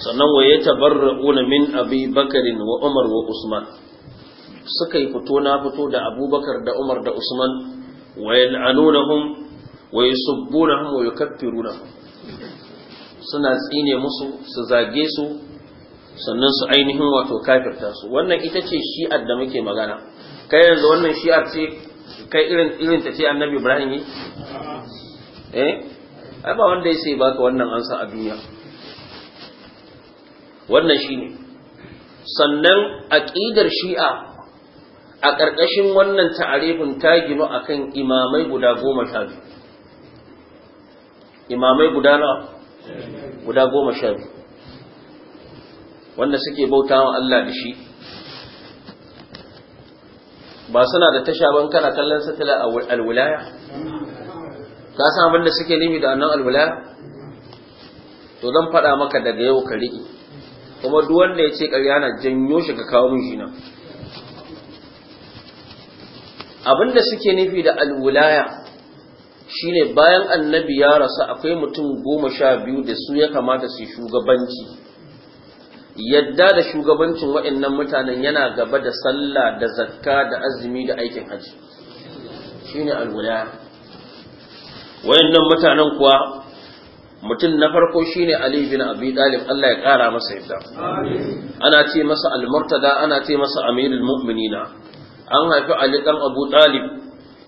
sannan wa yatabarra'una min Abi Bakarin wa Umar wa Usman suka yi fito na fito da abubakar da umar da usman wa yal'anunahum wa subbunahun wa yukaffirunahum suna tsine musu su zage su sannan su ainihin wato kafirta su wannan ita ce shi'ar da muke magana kai yanzu wannan shi'ar ce kai irin irin ta ce annabi ibrahim yi eh ai ba wanda yace ka wannan ansa a duniya wannan shine sannan aqidar shi'a a ƙarƙashin wannan ta'arifin ta gino a kan imamai guda goma sha biyu imamai guda na guda goma sha biyu wanda suke bauta wa Allah da shi ba suna da tasha ban kana kallon satila a alwilaya ka san abin da suke nufi da annan alwilaya to zan faɗa maka daga yau ka riƙe kuma duk wanda ya ce ƙarya na janyo shi ga kawo mun shi nan abinda suke nufi da alwulaya shine bayan annabi ya rasu akwai mutum goma sha biyu da su ya kamata su shugabanci yadda da shugabancin wa'annan mutanen yana gaba da sallah da zakka da azumi da aikin haji shine alwulaya wa'annan mutanen kuwa mutum na farko shine Ali bin Abi dalib Allah ya kara masa yadda ana ce masa al ana ce masa Amirul Mu'minina an haifi Ali dan Abu Talib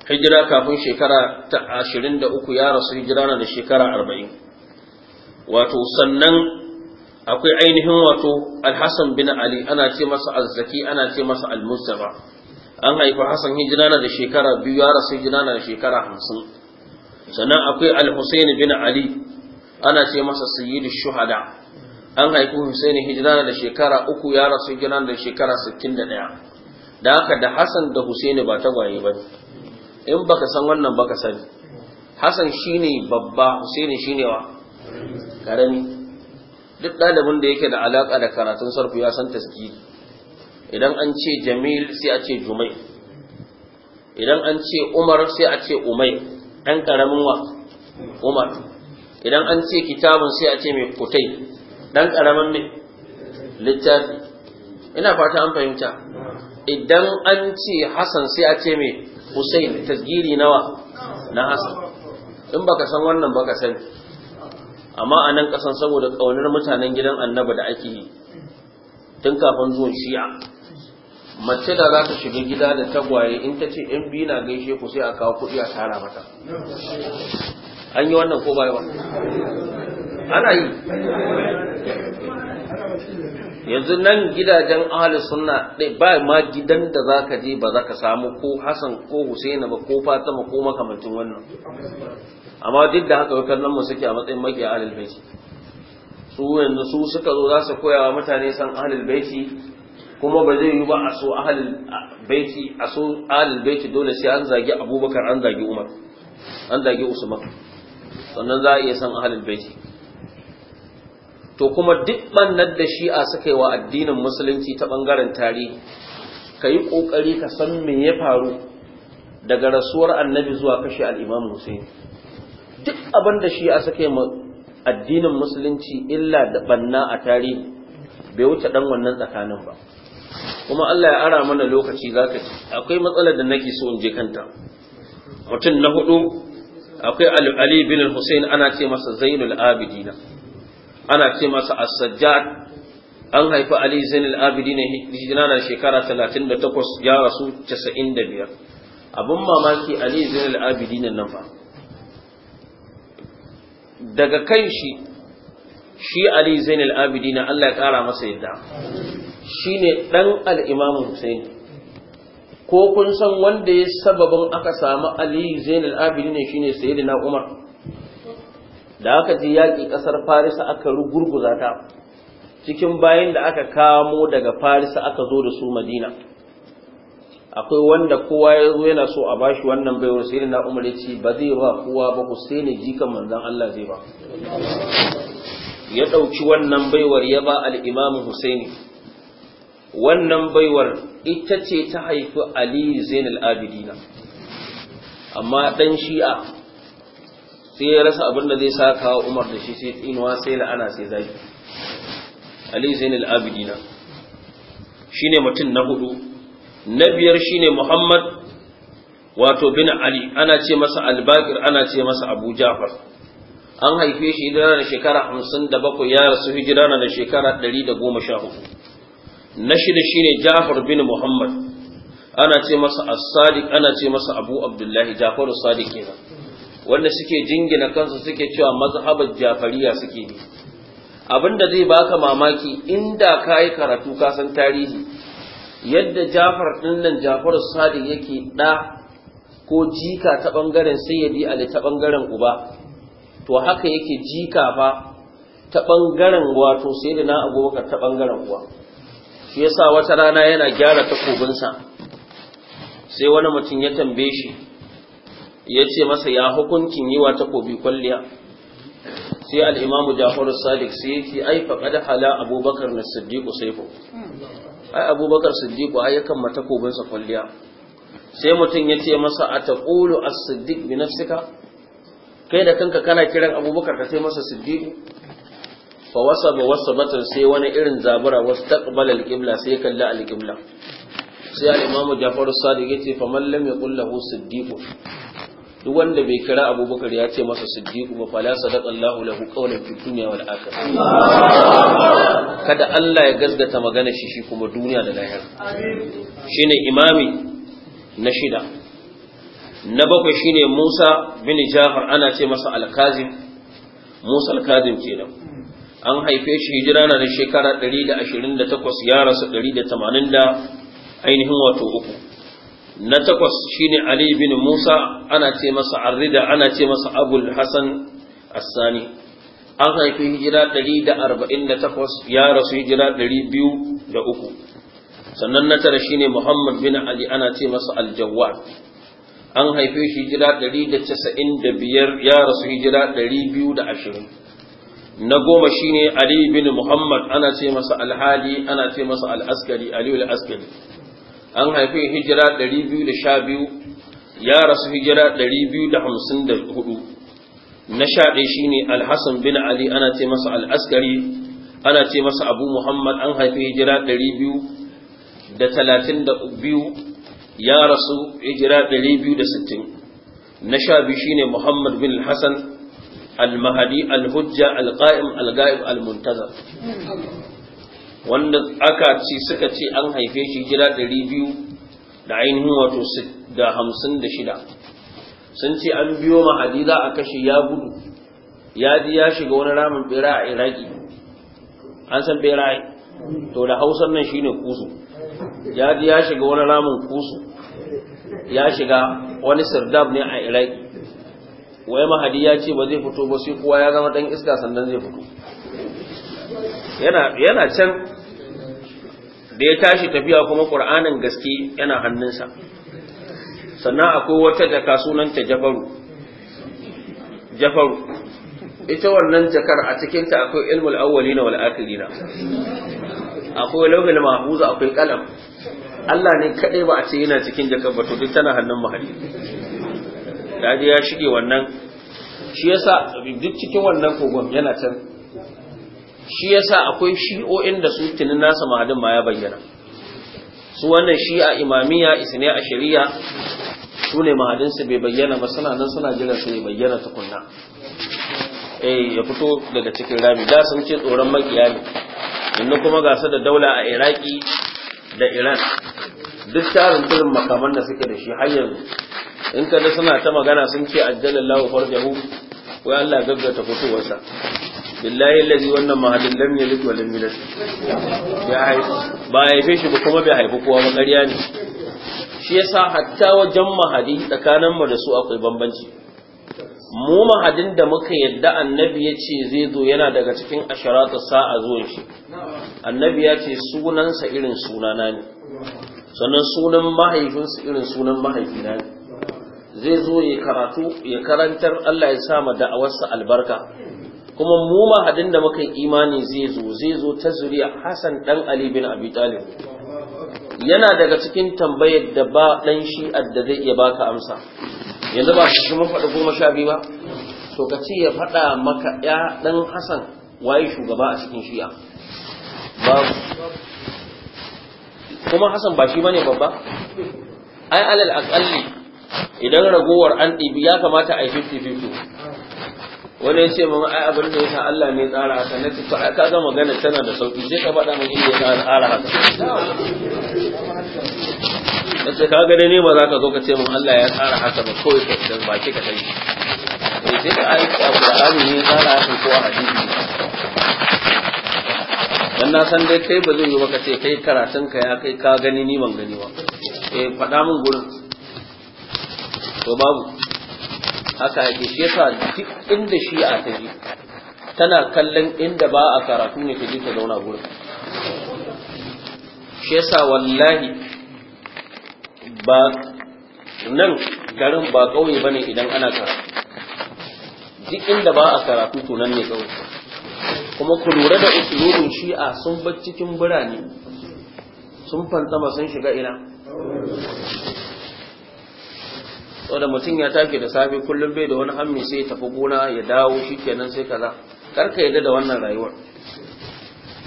hijira kafin shekara ta 23 ya rasu hijira na da shekara 40 wato sannan akwai ainihin wato Al-Hasan bin Ali ana ce masa Az-Zaki ana ce masa Al-Mustafa an haifi Hassan hijira na da shekara biyu ya rasu hijira na da shekara 50 sannan akwai Al-Husayn bin Ali ana ce masa Sayyidu Shuhada an haifi Husaini hijira da shekara uku ya rasu hijira da shekara 61 da haka da Hassan da Husaini ba tagwaye ba in baka san wannan baka sani Hassan shine babba Husaini shine wa karami duk ɗalibin da yake da alaka da karatun sarfu ya san taski idan an ce Jamil sai a ce Jumai idan an ce Umar sai a ce Umai ɗan karamin wa Umar idan an ce kitabun sai a ce mai kutai ɗan karamin ne littafi ina fata an fahimta idan an ce Hassan sai a ce mai Hussein tasgiri nawa na Hassan in baka san wannan baka sani amma a nan kasan saboda kaunar mutanen gidan annaba da ake yi tun kafin zuwa shi'a mace da za ta shiga gida da tagwaye in ta ce in biyu na gaishe ku sai a kawo kuɗi a tara mata an yi wannan ko ba ana yi yanzu nan gidajen ahli sunna ba ma gidan da za ka je ba za ka samu ko Hassan ko Husaina ba ko Fatima ko makamancin wannan amma duk da haka wakan nan mu suke a matsayin maki ahlul baiti su yanzu su suka zo za su koya wa mutane san ahal baiti kuma ba zai yi ba a so ahlul baiti a so ahlul baiti dole sai an zagi Abubakar an zagi Umar an zagi Usman sannan za a iya san ahal baiti to kuma duk bannar da shi'a suka yi wa addinin musulunci ta bangaren tarihi ka yi kokari ka san me ya faru daga rasuwar annabi zuwa kashe al'imam musulun duk abin da shi'a suka yi addinin musulunci illa da banna a tarihi bai wuce dan wannan tsakanin ba kuma Allah ya ara mana lokaci za ka ci akwai matsalar da nake so in je kanta mutum na hudu akwai ali bin hussein ana ce masa zainul abidina ana ce masa as-sajjad an haifi ali zain al-abidin hijira na shekara 38 ya rasu 95 abun mamaki ali zain al-abidin nan fa daga kan shi shi ali zain al-abidin Allah ya kara masa yadda shine dan al-imam husain ko kun san wanda ya sababin aka samu ali zain al-abidin shine sayyidina Umar da aka je yaƙi ƙasar farisa aka rugurguza ta cikin bayan da aka kamo daga farisa aka zo da su madina akwai wanda kowa ya zo yana so a bashi wannan baiwar sai na umar ya ce ba zai ba kowa ba husaini jikan manzan Allah zai ba ya ɗauki wannan baiwar ya ba al'imamu husaini wannan baiwar ita ce ta haifi ali zainal abidina amma ɗan shi'a sai ya rasa abin da zai sa kawo umar da shi sai inuwa sai la'ana sai zaki ali zain al-abidina shine mutum na hudu na biyar shine muhammad wato bin ali ana ce masa al ana ce masa abu ja'far an haife shi da shekara 57 ya rasu hijira na shekara 114 na shida shine Ja'far bin Muhammad ana ce masa As-Sadiq ana ce masa Abu Abdullahi, Ja'far As-Sadiq kenan wanda suke jingina kansu suke cewa mazhabar jafariya suke abin abinda zai baka mamaki inda ka karatu ka san tarihi yadda jafar ɗinnan nan jafar sadiq yake ɗa ko jika ta ɓangaren sayyidi ali ta ɓangaren uba to haka yake jika fa ta ɓangaren wato sayyidi na abubakar ta ɓangaren uwa shi yasa wata rana yana gyara takobinsa sai wani mutum ya tambaye shi ya ce masa ya hukuncin yi wa takobi kwalliya sai al'imamu jafar sadiq sai yake ai kada hala abubakar na siddiƙu saifu ai abubakar siddiƙu ai yakan kobinsa kwalliya sai mutum ya ce masa a taƙulu a Siddiq bi nafsika kai da kanka kana kiran abubakar ka sai masa siddiƙu fa wasa ba wasa batan sai wani irin zabura wasu taƙbal alƙibla sai kalli alƙibla sai al'imamu jafar sadiq ya ce fa mallam ya ƙullahu siddiƙu duk wanda bai kira abubakar ya ce masa siddiqu ba fala sadaqallahu lahu qawlan fi dunya wal akhirah kada Allah ya gaskata magana shi shi kuma duniya da lahira shine imami na shida na bakwai shine Musa bin Jafar ana ce masa al-Kazim Musa al-Kazim kenan an haife shi hijira na da shekara 128 ya rasu 180 ainihin wato uku na takwas shine Ali bin Musa ana ce masa Arrida ana ce masa Abul Hasan Assani an haifi hijira 148 ya rasu hijira 203 sannan na tara shine Muhammad bin Ali ana ce masa Al-Jawwad an haife shi hijira 195 ya rasu hijira 220 na goma shine Ali bin Muhammad ana ce masa Al-Hadi ana ce masa Al-Askari Aliyu Al-Askari an haifi hijira 212 ya rasu hijira 254 na shaɗe shi ne alhassan bin ali ana ce masa al'askari ana ce masa abu muhammad an haifi hijira 232 ya rasu hijira 260 na sha biyu shi ne muhammad bin hassan al-mahadi al-hujja al-qa'im al-ga'ib al-muntazar wanda aka ce suka ce an haife shi gida ɗari biyu da ainihin wato da hamsin da shida sun ce an biyo ma hadiza a kashe ya gudu ya ji ya shiga wani ramin bera a iraki an san bera to da hausan nan shine kusu ya ji ya shiga wani ramin kusu ya shiga wani sardab ne a iraki wai mahadi ya ce ba zai fito ba sai kowa ya zama dan iska sannan zai fito yana can da ya tashi tafiya kuma ƙur'anin gaske yana hannunsa sannan akwai wata jaka sunanta jafaru jafaru ita wannan jakar a cikinta akwai ilmul na wal na. akwai lauhul mahuza akwai kalam Allah ne kadai ba a ce yana cikin jakar ba to duk tana hannun mahalli daji ya shige wannan shi yasa duk cikin wannan kogon yana can shi yasa akwai shi'o'in da su tunin nasa mahadin ma ya bayyana su wannan shi'a imamiya isne a shari'a su ne mahadin su bai bayyana ba suna nan suna jiran su ya bayyana tukunna eh ya fito daga cikin rami da sun ce tsoron makiya ne inda kuma ga gasa da daula a iraki da iran duk tarin turin makaman da suke da shi har yanzu in da suna ta magana sun ce ajjalallahu farjahu wai Allah gaggata fitowarsa billahi allazi wannan mahallin lam yalid wa lam yulad ya haifi ba haife shi ba kuma bai haifi kowa ba ƙarya ne shi yasa hatta wajen mahadi tsakanin mu da su akwai bambanci mu mahadin da muka yadda annabi ya ce zai zo yana daga cikin asharatu sa'a zuwan shi annabi ya ce sunansa irin sunana ne sannan sunan mahaifinsa irin sunan mahaifina ne zai zo ya karatu ya karantar Allah ya sa ma da'awarsa albarka kuma mu hadin da muka imani zai zo zai zo ta zuriya Hassan dan Ali bin Abi Talib yana daga cikin tambayar da ba dan shi da zai iya baka amsa yanzu ba shi mun faɗi goma sha biyu ba to ka ce ya faɗa maka ya dan Hassan waye shugaba a cikin shi'a ba kuma Hassan ba shi bane babba ai alal aqalli idan ragowar an ɗibi ya kamata a yi 50-50 wani ya ce mama ai abin da yasa Allah ne tsara haka na ce ai kaga magana tana da sauki sai ka faɗa mun inda ya tsara haka nace ka ga ne ma za ka zo ka ce min Allah ya tsara haka ba kawai ka dan ba ka sani eh sai ka ai Qur'ani ne tsara haka ko hadisi dan na san dai kai ba zai yi maka ce kai karatun ka ya kai ka gani ni ban gani ba eh faɗa min gurin to babu aka haƙe shi yasa duk inda shi'a ta ji tana kallon inda ba a karatu ne ta ji ta zauna gurin shi yasa wallahi ba nan garin ba ƙauye bane idan ana karatu duk inda ba a karatu to nan ne ƙauye kuma ku lura da usulun shi'a sun bar cikin birane sun fantama sun shiga ina da mutum ya take da safe kullum bai da wani hammi sai ya tafi gona ya dawo shi kenan sai kaza karka yadda da wannan rayuwar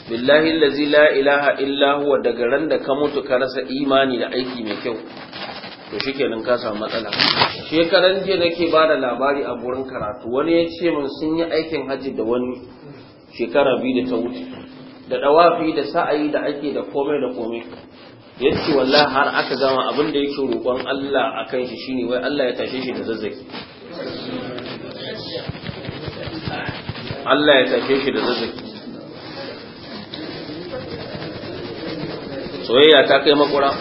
billahi allazi la ilaha illa huwa daga ran da ka mutu ka rasa imani da aiki mai kyau to shikenan ka samu matsala shekaran jiya nake ba da labari a gurin karatu wani ya ce min sun yi aikin hajji da wani shekara biyu da ta wuce da dawafi da sa'ayi da ake da komai da komai ya wallahi har aka gama abin da yake roƙon Allah a kan shi shine wai Allah ya tashe shi da zazzaki Allah ya tashe shi da zazzaki soyayya ta kai makura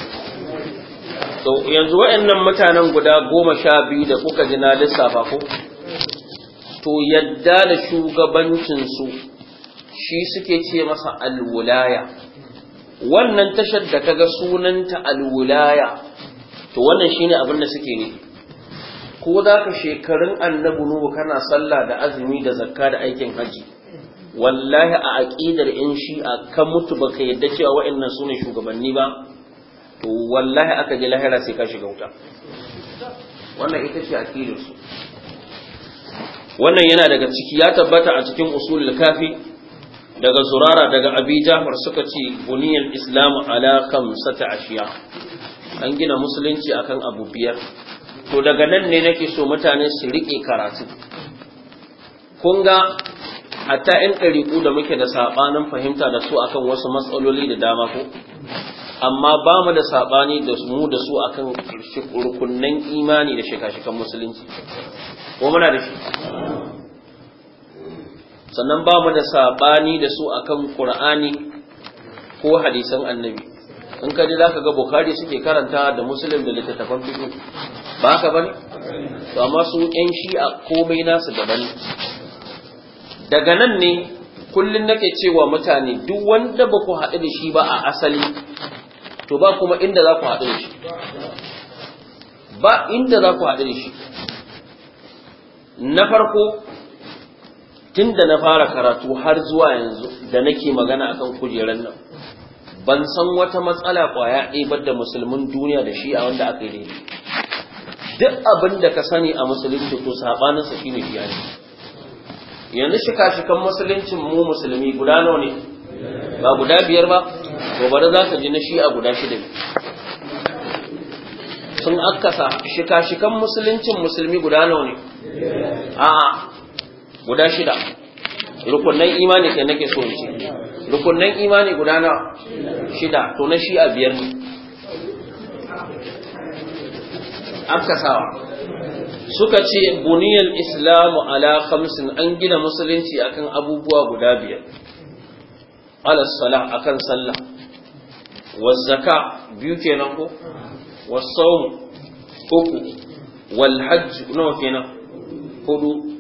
to yanzu wa'annan mutanen guda goma sha biyu da kuka ji na lissafa ko to yadda da shugabancinsu shi suke ce masa alwulaya wannan tashar da ga sunanta alwulaya to wannan shine abin da suke ne ko za ka shekarun annabi nuhu kana sallah da azumi da zakka da aikin haji wallahi a aqidar in shi a kan mutu baka yadda cewa wa'annan sune shugabanni ba to wallahi aka ji lahira sai ka shiga wuta wannan ita ce aqidar su wannan yana daga ciki ya tabbata a cikin usulul kafi daga zurara daga abi jafar suka ce buniyar islam ala sata ashiya an gina musulunci akan abu biyar to daga nan ne nake so mutane su riƙe karatu kun ga hatta 'yan ku da muke da saɓanin fahimta da su akan wasu matsaloli da dama ko amma ba mu da saɓani da mu da su akan rukunnan imani da shika-shikan musulunci ko muna da shi sannan ba mu da saɓani da su akan Kur'ani ko hadisan annabi in ka ji zaka ga Bukhari suke karanta da Muslim da littattafan fiqh ba ka bane to amma su shi a komai nasu daban daga nan ne kullun nake cewa mutane duk wanda ba ku haɗu da shi ba a asali to ba kuma inda za ku haɗu da shi ba inda za ku haɗu da shi na farko tun da na fara karatu har zuwa yanzu da nake magana akan kujerar nan ban san wata matsala kwaya ibar da musulmin duniya da shi a wanda aka yi duk abin da ka sani a musulunci to sa shine biya ne yanzu shika-shikan musuluncin mu musulmi guda nawa ne ba guda biyar ba bari za ka ji na shi a guda shida ne sun akasa shika-shikan musuluncin musulmi guda nawa ne a'a guda shida rukunnan imani ke nake so ce rukunnan imani guda na shida to na shi a biyar ne afkasawa suka ce buniyar islamu ala khamsin an gina musulunci akan abubuwa guda biyar ala salah akan sallah was zaka biyu kenan ko was sawm uku wal hajj nawa kenan hudu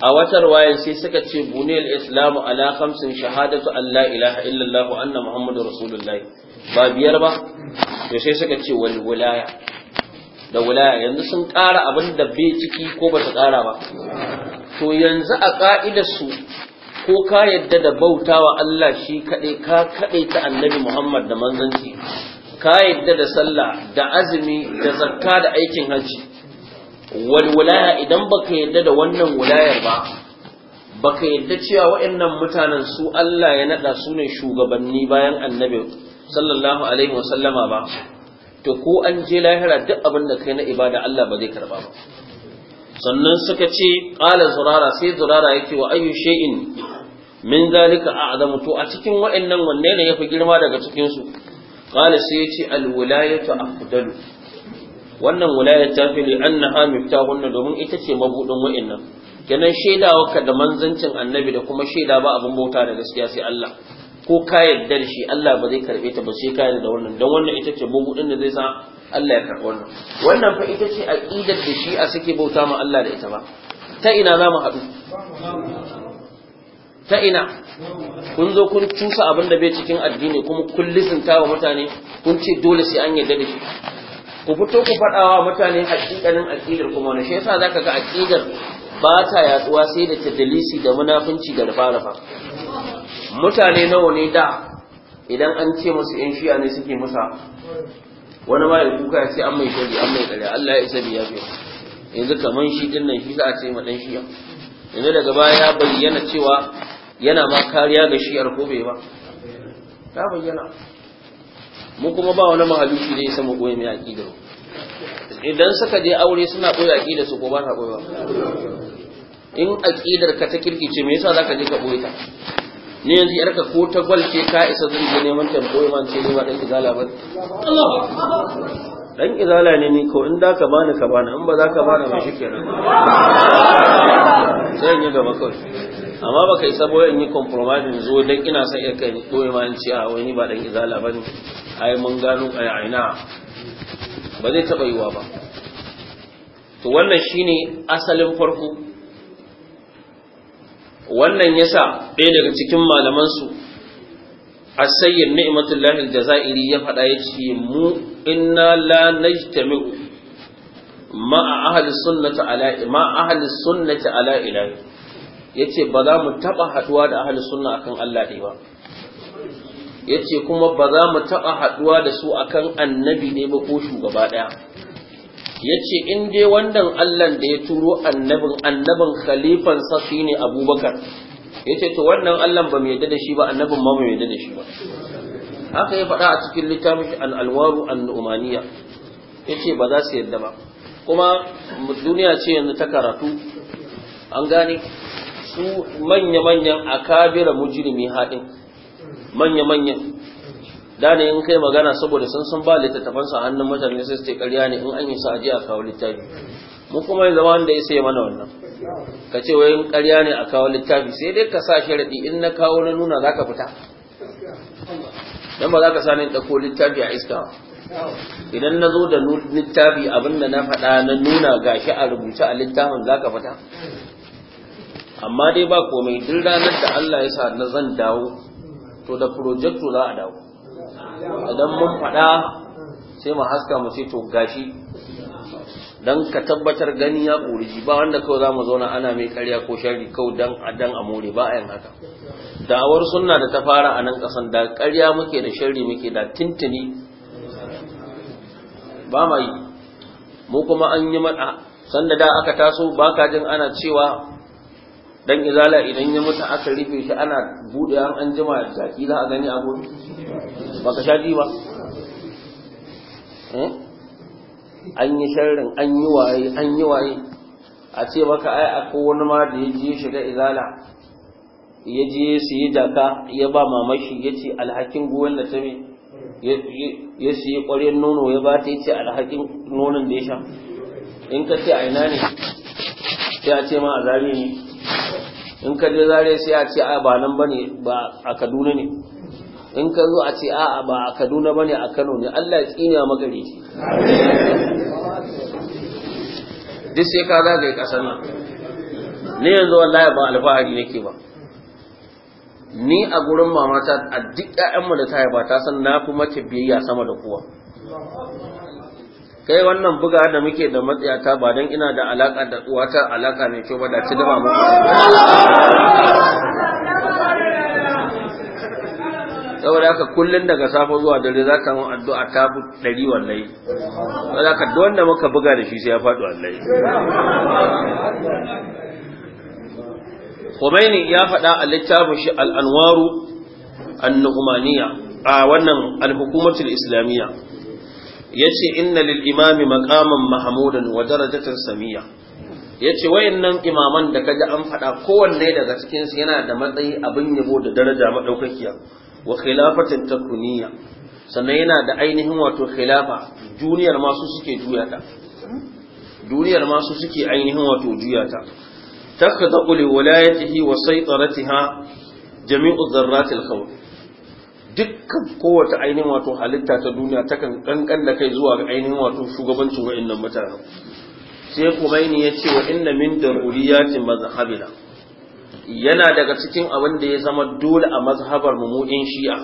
a wata wayan sai suka ce buniyar islamu ala khamsin shahadatu Allah ilaha illallah anna muhammadu rasulullahi ba biyar ba to sai suka ce wal wilaya da wilaya yanzu sun ƙara abin da bai ciki ko ba su ƙara ba to yanzu a ƙa'idar su ko ka yadda da bautawa Allah shi kaɗai ka kaɗai ta annabi Muhammad da manzanci ka yadda da sallah da azumi da zakka da aikin hajji walwalaya idan baka yadda da wannan wulayar ba baka yadda cewa waɗannan mutanen su Allah ya nada su ne shugabanni bayan annabi sallallahu alaihi wa sallama ba to ko an je lahira duk abin da kai na ibada Allah ba zai karba ba sannan suka ce qala zurara sai zurara yake wa ayyu shay'in min zalika a'zamu to a cikin waannan wanne ne yafi girma daga cikin su qala sai yace al wilayatu afdalu wannan wilayar ta fi ta miftahunna domin ita ce mabudin nan. kenan shaidawa ka da manzancin annabi da kuma shaida ba abin bauta da gaskiya sai Allah ko ka yarda da shi Allah ba zai karbe ta ba sai ka yarda da wannan dan wannan ita ce mabudin da zai sa Allah ya karbi wannan wannan fa ita ce aqidar da shi a suke bauta ma Allah da ita ba ta ina za mu haɗu ta ina kun zo kun cusa abin da bai cikin addini kuma kun lisinta wa mutane kun ce dole sai an yarda da shi ku fito ku faɗawa mutane hakikanin aqidar kuma ne shi yasa zaka ga aqidar ba ta yaduwa sai da tadlisi da munafunci da rafarafa mutane nawa ne da idan an ce musu yan shi'a ne suke musa wani ma ya kuka sai an mai shari an mai kare Allah ya isa biya biya yanzu kaman shi din nan shi za a ce ma dan shi'a yanzu daga baya ya bayyana cewa yana ma kariya ga shi'ar ko bai ba ta bayyana mu kuma ba wani mahaluki da ya sama goyi mai aƙidar idan suka je aure suna ɓoye aƙidar su ko ba ta koyi ba in aƙidar ka ta kirkice me yasa zaka je ka ɓoye ta ne yanzu ka ko ta gwalce ka isa zan je neman ta koyi man ce ne ba dan izala ba dan izala ne ni ko in da ka bani ka bani in ba za ka bani ba shikenan sai in yi gaba kawai amma baka isa boye in yi compromise zo dan ina son yake ni boye ma in ce a ah, wani ba dan izala bane ai mun gano ai aina ba zai taba yiwa ba to wannan shine asalin farko wannan yasa ɗaya daga cikin malaman su asayyin ni'matullahi aljazairi jazairi ya faɗa yace mu inna la najtami'u ma ahli sunnati ala ma ahli sunnati ala ilahi yace ba za mu taba haɗuwa da ahli sunna akan Allah ɗaya ba yace kuma ba za mu taba haɗuwa da su akan annabi ne ba ko shugaba ɗaya yace in dai wannan Allah da ya turo annabin annabin khalifan sa shine Abubakar yace to wannan Allah ba mu yadda da shi ba annabin ma mai yadda da shi ba haka ya faɗa a cikin littafin al-alwaru an-nu'maniyya yace ba za su yadda ba kuma duniya ce yanzu ta karatu an gane su manya-manyan akabira mujirimi haɗin manya-manyan da ne in kai magana saboda sun sun ba littattafan sa hannun mutane sai su ce ƙarya ne in an yi sa aje a kawo littafi mu kuma yanzu zama wanda ya sai mana wannan ka ce wai in ƙarya ne a kawo littafi sai dai ka sa sharadi in na kawo na nuna za ka fita don ba za ka sa ni ɗauko littafi a iska idan na zo da littafi abin da na faɗa na nuna gashi a rubuce a littafin za ka fita amma dai ba komai duk ranar da Allah ya sa na zan dawo to da projecto za a dawo idan mun faɗa sai mu haska mu ce to gashi dan ka tabbatar gani ya ƙoriji ba wanda kawai za mu zauna ana mai ƙarya ko sharri kawai dan adan a more ba a haka da'awar sunna da ta fara a nan ƙasan da ƙarya muke da sharri muke da tintini ba ma yi mu kuma an yi mada sanda da aka taso baka jin ana cewa dan izala idan ya mutu aka rufe shi ana bude an an jima jaki za a gani a gudu ba ka shaji ba an yi sharrin an yi waye an yi waye a ce maka ai akwai wani ma da ya je shiga izala ya je su yi jaka ya ba mamashi ya ce alhakin goyon da ta me ya yi ƙwaryar nono ya ba ta ce alhakin nonon da ya sha in ka ce a ina ne ya ce ma a zari ne in ka je zare sai a ce a ba nan bane ba a Kaduna ne in ka zo a ce a ba a Kaduna bane a Kano ne Allah ya tsina magari ne duk sai ka zagaye kasar nan ni yanzu wallahi ba alfahari nake ba ni a gurin mamata a duk ƴaƴan mu da ta haifa ta san na fi mata biyayya sama da kowa kai wannan buga da muke da matsayata ba don ina da alaka da uwata alaka ne kyau ba da ci ba. muku saboda haka kullun daga safe zuwa dare za ka mun addu'a ta bu ɗari wallahi saboda haka duk wanda muka buga da shi sai ya faɗi wallai. Khomeini ya faɗa a littafin shi al-Anwaru an-Nuhmaniya a wannan al-Hukumatul Islamiyya yace inna lil imami maqaman mahmudan wa darajatan samiya yace wayannan imaman da kaji an faɗa kowanne daga cikinsu yana da matsayi abin yabo da daraja madaukakiya wa khilafatin takuniya sannan yana da ainihin wato khilafa duniyar masu suke juya duniyar masu suke ainihin wato juya ta takhdaqu li wilayatihi wa saytaratiha jami'u dharratil khawf dukkan kowace ainihin wato halitta ta duniya takan kankan da kai zuwa ainihin wato shugabancin wa'annan mutanen sai kumaini ya ce wa inna min daruriyatin mazhabina yana daga cikin abin da ya zama dole a mazhabar mumudin shi'a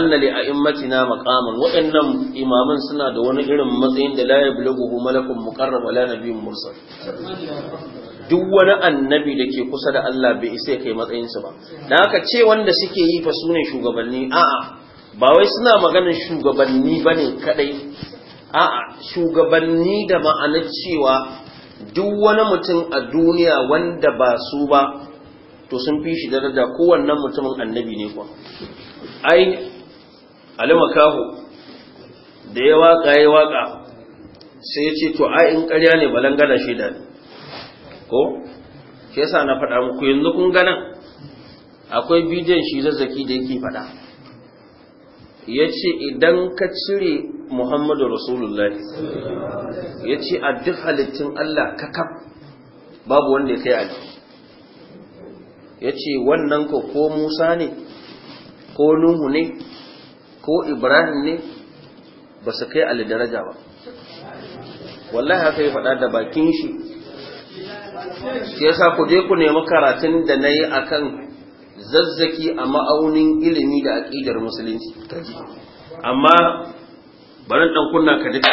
anna li a'immatina maqaman waɗannan imaman suna da wani irin matsayin da la yablughu malakun muqarrab wala nabiyyun mursal duk wani annabi da ke kusa da Allah bai isa kai matsayinsa ba dan haka ce wanda suke yi fa su ne shugabanni a'a ba wai suna maganin shugabanni bane kadai a'a shugabanni da ma'anar cewa duk wani mutum a duniya wanda ba su ba to sun fi shi daraja wannan mutumin annabi ne kuwa ai alimakahu da ya waka ya waka sai ya ce to ai in ƙarya ne balangana da ni ko ke yasa na faɗa muku yanzu kun ganan akwai bidiyon shi zazzaki da yake faɗa ya ce idan ka cire muhammadu rasulullahi ya ce a duk halittun allah ka kaf babu wanda ya kai ali ya ce wannan ko ko musa ne ko nuhu ne ko ibrahim ne ba su kai ali daraja ba wallahi haka ya faɗa da bakin shi shi yasa ku je ku nemi karatun da na yi akan zazzaki a ma'aunin ilimi da aƙidar musulunci amma barin ɗan kunna ka duka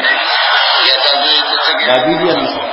ga bidiyon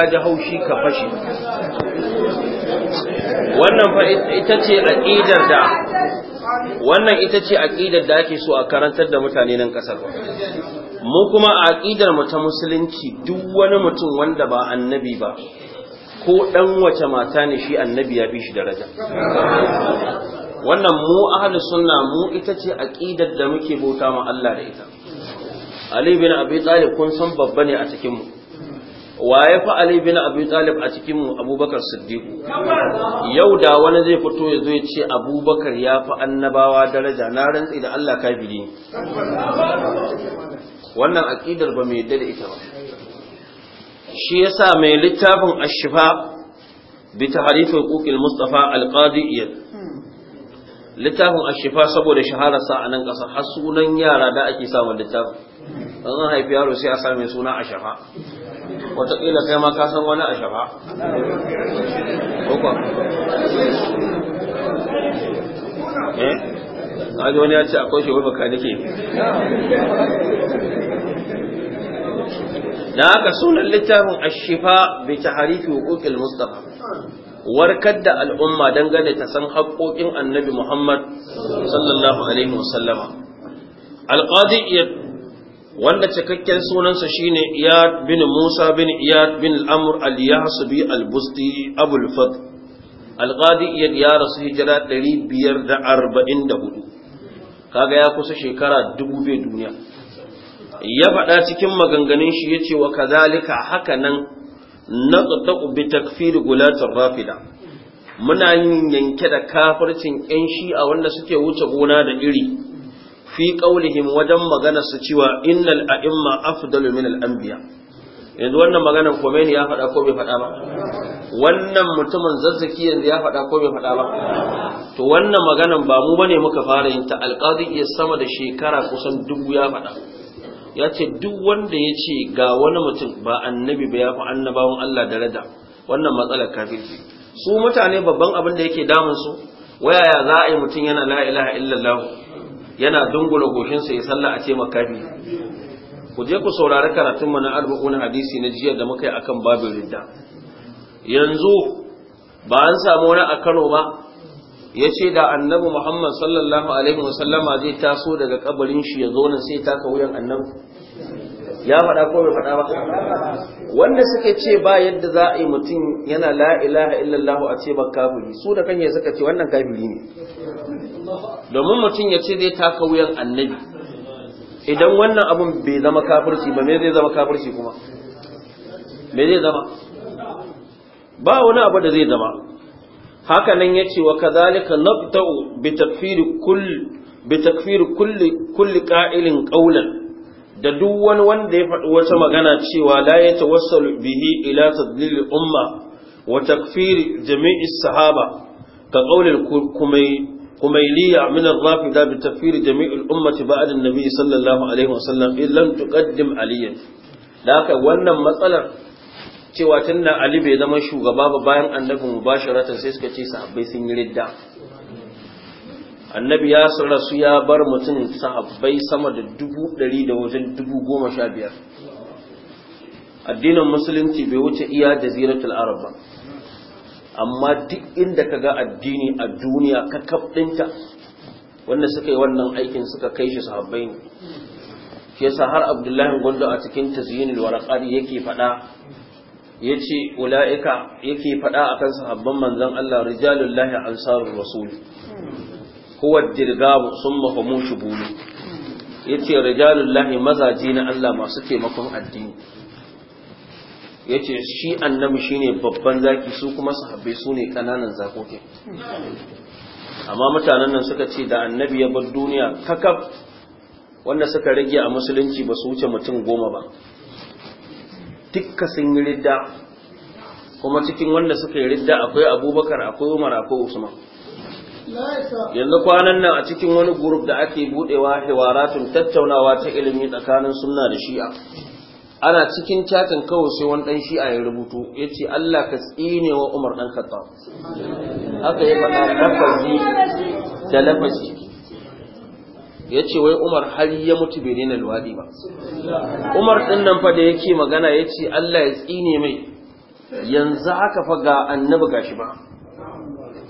ka ji haushi ka fashe wannan fa ita ce aqidar da wannan ita ce aqidar da ake so a karantar da mutane nan kasar mu kuma aqidar mu ta musulunci duk wani mutum wanda ba annabi ba ko dan wace mata ne shi annabi ya fi shi daraja wannan mu ahlus sunna mu ita ce aqidar da muke bauta ma Allah da ita Ali bin Abi Talib kun san babba ne a cikin mu wa ya fi Ali bin Abi Talib a cikin mu Abubakar Siddiq yau da wani zai fito ya zo ya ce Abubakar ya fi annabawa daraja na rantsi da Allah kafiri wannan aqidar ba mai yadda ita ba shi yasa mai littafin Ash-Shifa bi tahrif huquqil Mustafa al-Qadi littafin Ash-Shifa saboda shahararsa a nan ƙasa har sunan yara da ake samun littafin an zan haifi yaro sai a sa mai suna a shafa wataƙila kai ma ka san wani a shafa eh na ji wani ya ce akwai shi wai baka nake da haka sunan littafin ashifa bi taharifi huquqil mustafa warkar da al'umma dangane ta san haƙoƙin annabi Muhammad sallallahu alaihi wasallama alqadi wanda cikakken sunansa shine iyad bin musa bin iyad bin al'amur al-yahsubi al-busti abul al-qadi iyad ya rasu hijira 544 kaga ya kusa shekara dubu bai duniya ya faɗa cikin maganganun shi yace wa kazalika haka nan naqtaqu bi takfir gulatir rafida muna yin yanke da kafircin yan a wanda suke wuce gona da iri fi qaulihim wajen magana su cewa innal a'imma afdalu min al-anbiya yanzu wannan maganar Khomeini ya faɗa ko bai faɗa ba wannan mutumin zazzaki yanzu ya faɗa ko bai faɗa ba to wannan maganar ba mu bane muka fara yin ta alƙadi ya sama da shekara kusan dubu ya faɗa ya ce duk wanda ya ce ga wani mutum ba annabi ba ya fi annabawan Allah daraja wannan matsalar kafirci su mutane babban abin da yake damun su wayaya za a yi mutum yana la ilaha illallah yana dungula goshinsa ya sallah a ce makafi ku je ku saurari karatunmu na arba'un hadisi na jiya da muka yi akan babin ridda yanzu ba an samu wani a Kano ba ya ce da annabi Muhammad sallallahu alaihi wasallama zai taso daga kabarin shi ya zo nan sai taka wuyan annabi ya faɗa ko bai faɗa ba wanda suka ce ba yadda za a yi mutum yana la ilaha illallah a ce ba su da kanya suka ce wannan kafiri ne domin mutum ya ce zai taka wuyan annabi idan wannan abun bai zama kafirci ba me zai zama kafirci kuma me zai zama ba wani abu da zai zama haka nan ya ce wa kazalika nabta'u na takfiri bi takfiri kulli ka'ilin ƙaunar da duk wani wanda ya faɗi wata magana cewa la ya wasu bihi ila tadlil umma wa takfiri jami'i sahaba ka ƙaunar kumai حميلية من الرافضة بتكفير جميع الأمة بعد النبي صلى الله عليه وسلم إن لم تقدم عليا لك وانا مثلا cewa tunda Ali bai zama shugaba ba bayan annabi mubasharatan sai suka ce sahabbai sun yi ridda annabi ya rasu ya bar mutum sahabbai sama da dubu ɗari da wajen dubu goma sha biyar addinin musulunci bai wuce iya jaziratul arab ba amma duk inda ka ga addini a duniya ka kaɗinta wanda suka yi wannan aikin suka kai shi sahabbai ne Ke sa har abdullahi gondo a cikin tazyinul waraqat yake faɗa yace ulaika yake faɗa akan sahabban manzan Allah rijalullahi ansarur rasul huwa dirgabu summa Ya ce yace rijalullahi mazaje na Allah masu taimakon addini ya ce shi annabi shine babban zaki su kuma sahabbai su ne ƙananan zakoki amma mutanen nan suka ce da annabi ya bar duniya kakaf wanda suka rage a musulunci ba su wuce mutum goma ba dukka sun yi ridda kuma cikin wanda suka yi ridda akwai abubakar akwai umar akwai usman yanzu kwanan nan a cikin wani guruf da ake budewa hewaratun tattaunawa ta ilimi tsakanin sunna da shi'a ana cikin chatin kawai sai wani dan a ya rubutu ya ce Allah ka tsine wa Umar dan Khattab haka ya faɗa lafazi da lafazi ya ce wai Umar har ya mutu bai daina luwaɗi ba Umar din nan fa da yake magana ya ce Allah ya tsine mai yanzu haka fa ga annabi gashi ba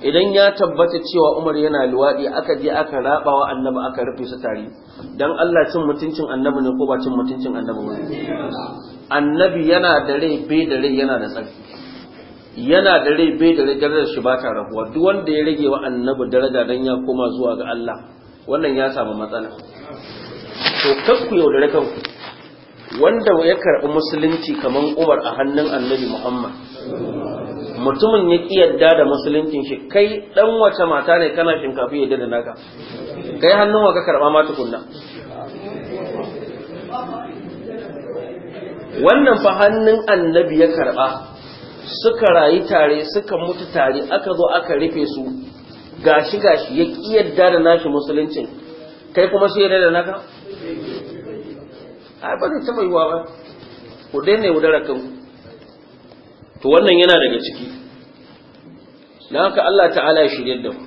idan ya tabbata cewa Umar yana luwaɗi aka je aka raba wa annabi aka rufe su tare dan Allah cin mutuncin annabi ne ko ba cin mutuncin annabi ba annabi yana da rai bai da rai yana da tsarki yana da rai bai da rai darajar shi ba ta rahuwa duk wanda ya rage wa annabi daraja dan ya koma zuwa ga Allah wannan ya samu matsala to kakku yaudare kanku wanda ya karɓi musulunci kamar Umar a hannun annabi Muhammad mutumin ya ki yadda da musuluncin shi kai dan wace mata ne kana shinkafi yadda da naka kai hannun wa ka karba ma tukunna wannan fa hannun annabi ya karba suka rayu tare suka mutu tare aka zo aka rufe su gashi gashi ya ki yadda da nashi musuluncin kai kuma shi yadda da naka ai ba zai taba yiwa ba ku daina yaudarar kanku to wannan yana daga ciki na haka Allah ta'ala ya shirye da mu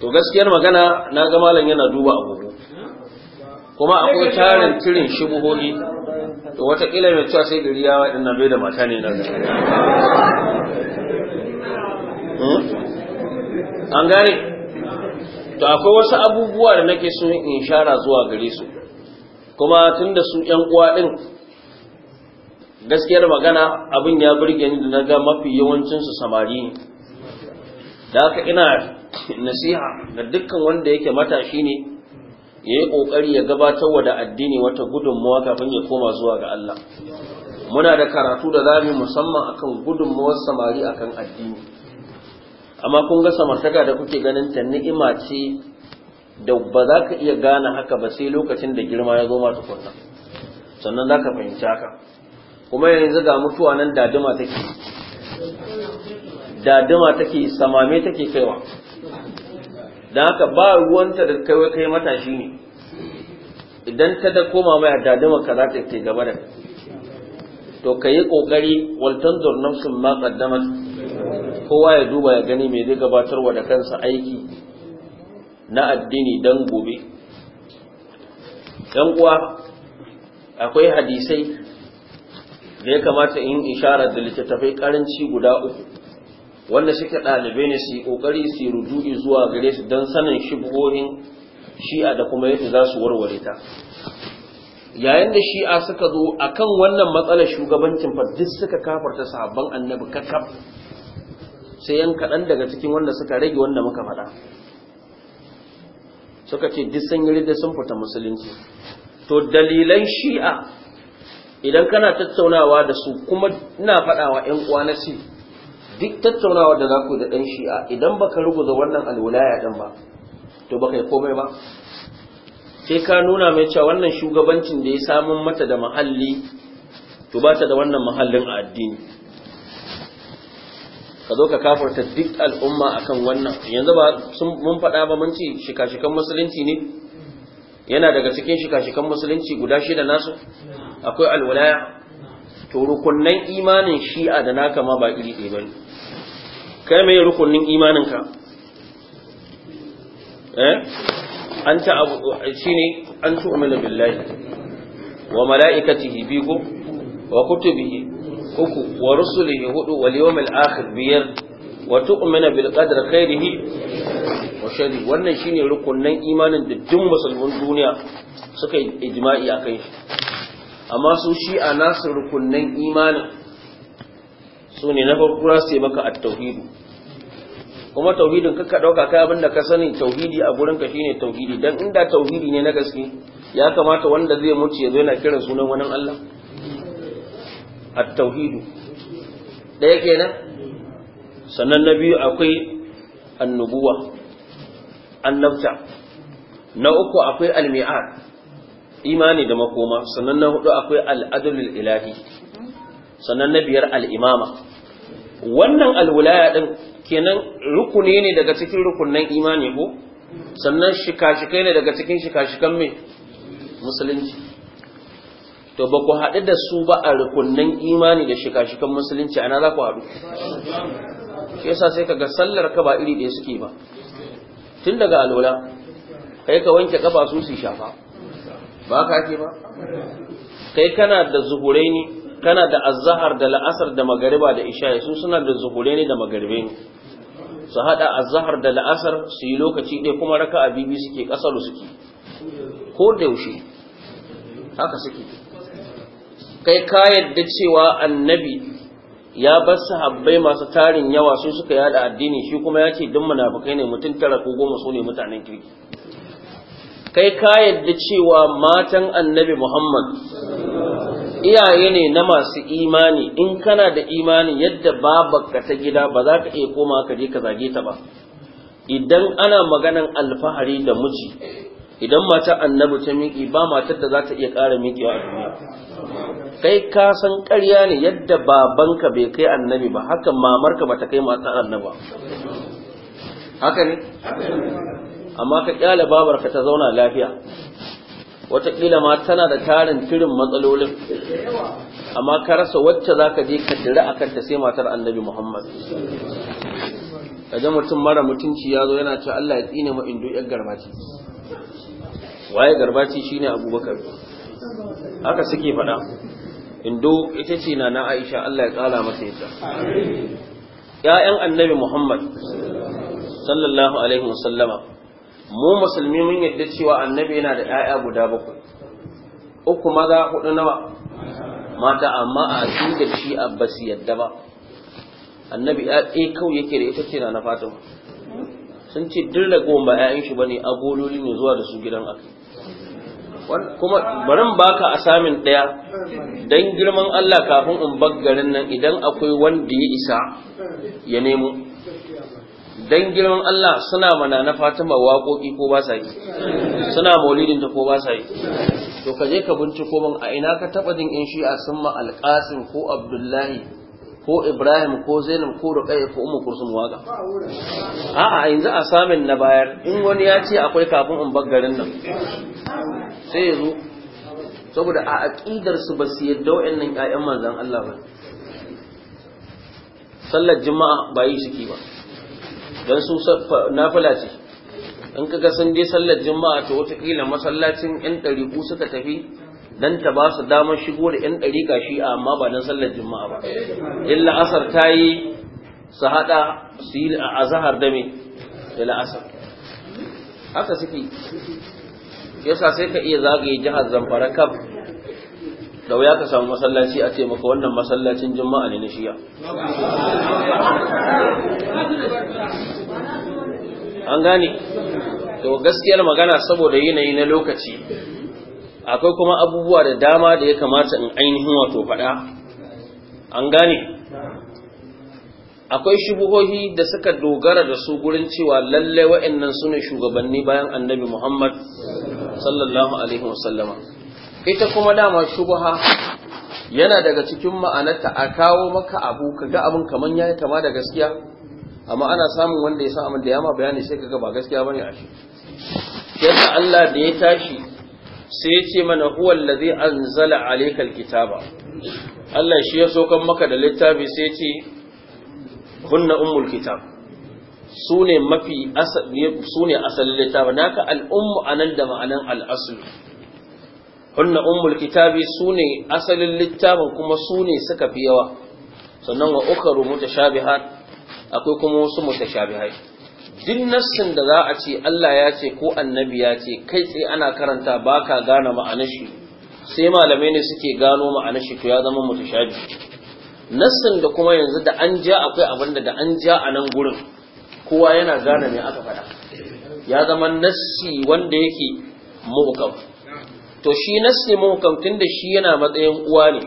to gaskiyar magana na ga malam yana duba agogo kuma akwai tarin tirin shubuhohi to kila mai cewa sai gari yawa waɗin nan bai da mata ne na hmm? an gane to akwai wasu abubuwa da nake so in shara zuwa gare su kuma tun da su ‘yan uwa gaskiyar magana abin ya burge ni da na ga mafi yawancinsu samari ne da haka ina nasiha ga dukkan wanda yake matashi ne ya yi ƙoƙari ya gabatar wa da addini wata gudunmawa kafin ya koma zuwa ga Allah muna da karatu da zami musamman akan gudunmawar samari akan addini amma kun ga samartaka da kuke ganin ta ni'ima ce da ba za ka iya gane haka ba sai lokacin da girma ya zo ma tukunna sannan za ka fahimci haka kuma yanzu ga mutuwa nan daduma take daduma take samame take kaiwa don haka ba ruwanta da kai kai matashi ne idan ta da koma mai daduma ka za ta ke gaba da to ka yi ƙoƙari waltan zurnamsun ma ƙaddamat kowa ya duba ya gani mai zai gabatarwa da kansa aiki na addini don gobe ‘yan uwa akwai hadisai da ya kamata in isharar da littattafai karanci guda uku wanda suke ɗalibai ne su yi ƙoƙari su yi ruju'i zuwa gare su don sanin shigohin shi'a da kuma yadda za su warware ta yayin da shi'a suka zo a kan wannan matsalar shugabancin fa duk suka kafarta sabon annabi kakaf sai yan kaɗan daga cikin wanda suka rage wanda muka faɗa suka ce duk sun yi da sun fita musulunci to dalilan shi'a idan kana tattaunawa da su kuma ina faɗawa ‘yan uwa na si duk tattaunawa da za ku da ɗan shi'a idan ba ka ruguza wannan alwulaya ɗan ba to ka yi komai ba sai ka nuna mai cewa wannan shugabancin da ya samun mata da mahalli to ba ta da wannan mahallin a addini ka zo ka kafarta duk al'umma akan wannan yanzu ba mun faɗa ba mun ce shika-shikan musulunci ne yana daga cikin shika-shikan musulunci guda shida nasu akwai alwalaya to rukunnan imanin shi'a da naka ma ba iri ɗaya bane kai mai rukunnin imanin ka eh an ta abu shine an tu'minu billahi wa mala'ikatihi biyu wa kutubihi uku wa rusulihi hudu wal yawmil akhir biyar wa tu'mina bil qadri khairihi wa sharri wannan shine rukunnan imanin da duk musulmin duniya suka yi ijma'i akan shi amma su shi a nasu rukunnan imanin su ne na farko za su maka at-tauhid kuma tauhidin kakka dauka kai abinda ka sani tauhidi a gurin ka shine tauhidi dan inda tauhidi ne na gaske ya kamata wanda zai mutu ya zo yana kiran sunan wani Allah at-tauhid ɗaya kenan sannan na biyu akwai annubuwa annabta na uku akwai almi'ad imani da makoma sannan na hudu akwai al'adulul ilahi sannan na biyar al'imama wannan alwulaya din kenan rukuni ne daga cikin rukunan imani ko sannan shika-shikai ne daga cikin shika-shikan mai musulunci to ba ku haɗu da su ba a rukunnan imani da shika-shikan musulunci ana za ku haɗu shi yasa sai ga sallar ka ba iri ɗaya suke ba tun daga alola kai ka wanke kafa su su shafa ba ka ake ba kai kana da zuhurai ne kana da azahar da la'asar da magariba da isha su suna da zuhurai ne da magaribe ne su haɗa azahar da la'asar su yi lokaci ɗaya kuma raka a bibi suke ƙasar suke ko da yaushe haka suke kai ka yadda cewa annabi ya bar sahabbai masu tarin yawa su suka yada addini shi kuma ya ce duk munafukai ne mutum tara ko goma su ne mutanen kirki kai ka yadda cewa matan annabi muhammad iyaye ne na masu imani in kana da imani yadda babarka ta gida ba za ka iya koma ka je ka zage ta ba idan ana maganan alfahari da miji idan mata annabi ta miƙi ba matar da za ta iya ƙara miƙewa a duniya kai ka san ƙarya ne yadda babanka bai kai annabi ba haka mamarka ba ta kai mata annaba haka ne amma ka kyala babarka ta zauna lafiya wataƙila ma tana da tarin tirin matsalolin amma ka rasa wacce za ka je ka dira a kanta sai matar annabi muhammad kaje mutum mara mutunci ya zo yana cewa allah ya tsine mu indo yar garmaci waye garbati shine abubakar haka suke faɗa indo ita ce na na aisha allah ya ƙara masa yadda ‘ya'yan annabi muhammad sallallahu alaihi wasallama mu musulmi mun yadda cewa annabi yana da ‘ya'ya guda bakwai uku maza hudu nawa mata amma a da shi abbas yadda ba annabi ya ɗaya eh, kawai yake da ita ce na na fatima sun ce duk goma ba 'ya'yan shi bane agololi ne zuwa da su gidan akai kuma barin baka a asamin ɗaya don girman Allah kafin in garin nan idan akwai wanda ya isa ya nemo don girman Allah suna mana na Fatima waƙoƙi ko ba sa yi suna maulidin ta ko ba sa yi to ka je ka binciko min a ina ka taɓa jin in a sun ma alƙasim ko abdullahi ko Ibrahim ko Zainab ko Ruqayyah ko Ummu Kulsum waga a'a yanzu a samin na bayar in wani ya ce akwai kafin in bar garin nan sai yazo zo saboda a aqidar su ba su yadda wayannan ƴaƴan manzon Allah ba sallar juma'a ba yi shiki ba dan su nafila ce in kaga sun je sallar juma'a to wata kila masallacin ƴan ɗariƙu suka tafi dan ta ba su damar shigo da yan ɗariƙa shi amma ba don sallar juma'a ba illa asar ta yi su haɗa su yi a azahar da me da haka suke yasa sai ka iya zagaye jihar zamfara kaf da wuya ka samu masallaci a ce maka wannan masallacin juma'a ne na shiya an gane to gaskiyar magana saboda yanayi na lokaci akwai kuma abubuwa da dama da ya kamata in ainihin wato faɗa an gane akwai shubuhohi da suka dogara da su gurin cewa lalle wa'annan su ne shugabanni bayan annabi muhammad sallallahu alaihi wasallama ita kuma dama shubuha yana daga cikin ma'anarta a kawo maka abu ka ga abin kamar ya kama da gaskiya amma ana samun wanda ya sa amin da yama bayani sai ka ga ba gaskiya bane a shi yadda Allah da ya tashi sai ya ce mana zai an anzala alayka kitaba. Allah shi ya sokan maka da littafi sai ce hunna ummul kitab sune mafi asalin littafi naka da ma'anan al'asulu hunna ummul kitabi sune asalin littafin kuma sune suka fi yawa sannan wa ukharu mutashabihat akwai kuma wasu mutashabihai duk nassin da za a ce Allah ya ce ko annabi ya ce kai tsaye ana karanta ba ka gane ma'anar shi sai malamai ne suke gano ma'anar shi to ya zama mutashabi nassin da kuma yanzu da an ja akwai abin da an ja a nan gurin kowa yana gane me aka faɗa ya zama nassi wanda yake muhkam to shi nassi muhkam tunda shi yana matsayin uwa ne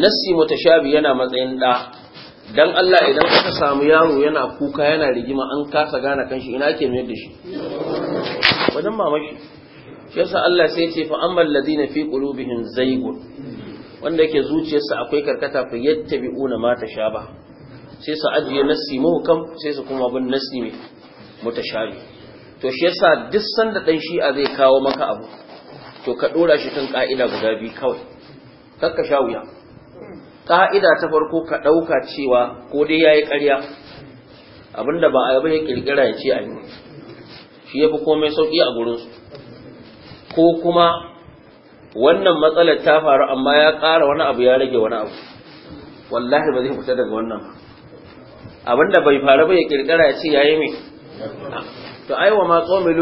nassi mutashabi yana matsayin ɗa dan Allah idan aka samu yaro yana kuka yana rigima an kasa gane kanshi ina ake mayar da shi wajen mamaki shi yasa Allah sai ce fa ammal ladina fi qulubihim zaygun wanda yake zuciyarsa akwai karkata fa yattabi'una ma tashaba sai su ajiye nasi kam, sai su kuma bin nasi mai mutashabi to shi yasa duk sanda dan a zai kawo maka abu to ka dora shi kan ka'ida guda biyu kawai kakka sha wuya Ka'ida ta farko ka ɗauka cewa ko dai ya yi ƙarya abinda ba a yi bai ƙirƙira ya ce a yi shi ya fi komai sauƙi a gurinsu ko kuma wannan matsalar ta faru amma ya ƙara wani abu ya rage wani abu wallahi ba zai fita daga wannan abinda bai faru bai ƙirƙira ya ce ya yi mai to ai wa ma tsomi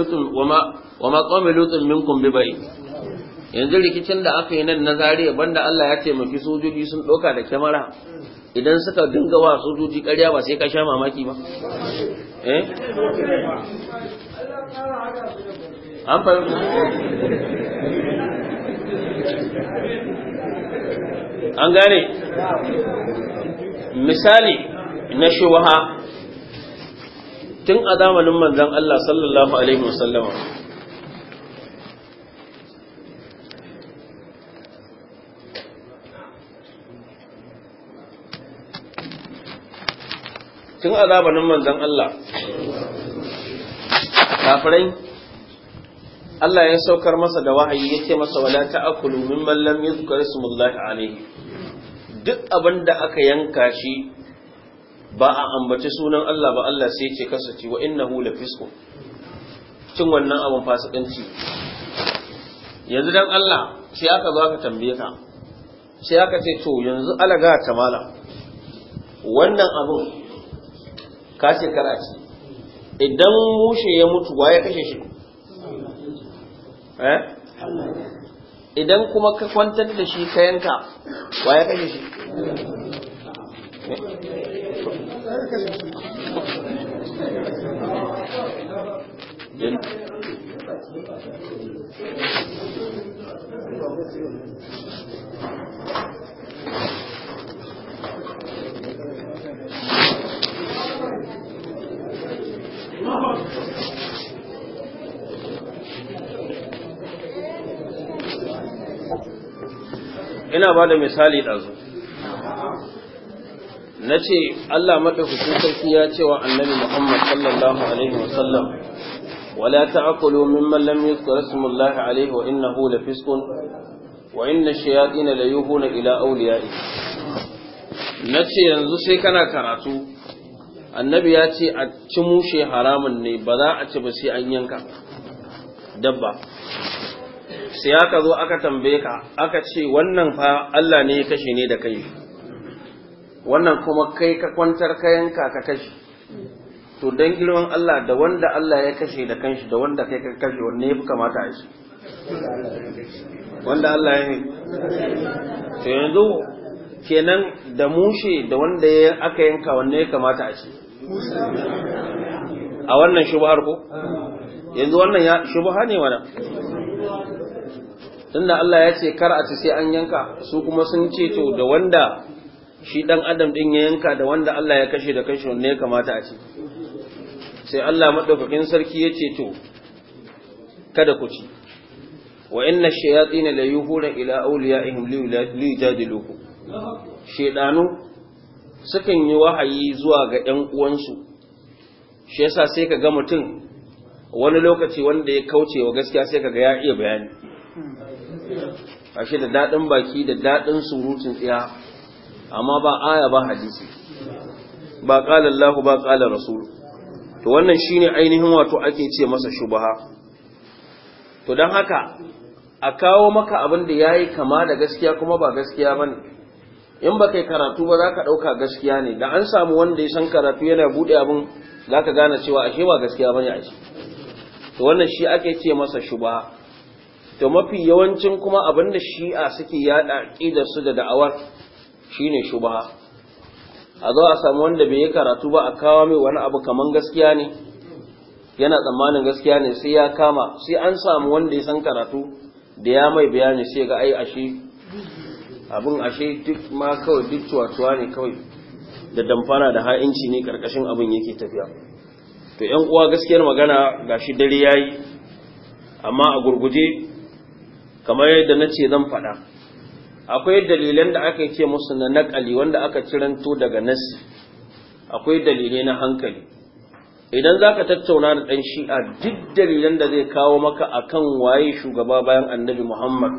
lutun minkum bi bai yanzu rikicin da aka yi nan na zariya banda Allah ya taimaki sojoji sun ɗauka da kyamara idan suka dinga wa sojoji ƙarya ba sai ka sha mamaki ba eh an fahimta an gane misali na shubaha tun a zamanin manzon Allah sallallahu alaihi wasallama tun a zamanin manzon Allah kafirai Allah ya saukar masa da wahayi ya ce masa wala ta'kulu mimman lam yuzkar ismullahi alayhi duk abin da aka yanka shi ba a ambaci sunan Allah ba Allah sai ce kasa ci wa innahu lafisqu cin wannan abin fasikanci yanzu dan Allah sai aka zo aka tambaye ka sai aka ce to yanzu alaga ta mala wannan abin ka ce kar idan mushe ya mutu wa ya kashe shi eh? idan kuma ka kwantar da shi ka yanka ya kashe shi Thank you. ina ba da misali ɗazu na ce Allah maɗaukacin sarki ya ce wa annabi Muhammad sallallahu alaihi wasallam ولا تأكلوا ممن لم يذكر اسم الله عليه وإنه لفسق وإن الشياطين ليوهون إلى أوليائهم nace yanzu sai kana karatu annabi ya ce a ci mushe haramun ne ba za a ci ba sai an yanka dabba sai aka zo aka tambaye ka aka ce wannan fa Allah ne ya kashe ne da kai wannan kuma kai ka kwantar kayanka ka kashe to dan girman Allah da wanda Allah ya kashe da kanshi da wanda kai ka kashe wanne ya fi kamata a shi wanda Allah ya to yanzu kenan da mushe da wanda ya aka yanka wanne ya kamata a shi a wannan shubhar ko yanzu wannan ya shubha ne wannan tunda Allah ya ce kar a ci sai an yanka su kuma sun ce to da wanda shi dan adam din ya yanka da wanda Allah ya kashe da kashe wanne ya kamata a ci sai Allah madaukakin sarki ya ce to kada ku ci wa inna shayatin la yuhuna ila awliyaihim li yujadiluku shedanu sukan yi wahayi zuwa ga ‘yan uwansu, shi yasa sai ka ga mutum wani lokaci wanda ya kauce wa gaskiya sai ka ga ya iya bayani, ashe da daɗin baki da daɗin surutun tsiya amma ba aya ba hadisi ba ƙala Allah ba ƙala Rasul to wannan shi ne ainihin wato ake ce masa shubaha to don haka a kawo maka abin da ya yi kama da gaskiya kuma ba gaskiya ba ne in ba kai karatu ba za ka ɗauka gaskiya ne da an samu wanda ya san karatu yana buɗe abin za ka gane cewa ashe ba gaskiya ba ne a to wannan shi ake ce masa shuba to mafi yawancin kuma abin abinda shi'a suke yada ƙidar su da da'awar shine shubha a zo a sami wanda bai yi karatu ba a kawo mai wani abu kaman gaskiya ne yana tsammanin gaskiya ne sai ya kama sai an samu wanda ya san karatu da ya mai bayani sai ga ai ashe abin ashe duk ma kawai duk tuwatuwa ne kawai da damfara da ha'inci ne karkashin abin yake tafiya to yan uwa gaskiyar magana gashi dare yayi amma a gurguje kamar yadda na ce zan faɗa akwai dalilan da aka ce musu na naƙali wanda aka ciranto daga nasi akwai dalilai na hankali idan za ka tattauna da ɗan shi'a duk dalilan da zai kawo maka a kan waye shugaba bayan annabi muhammad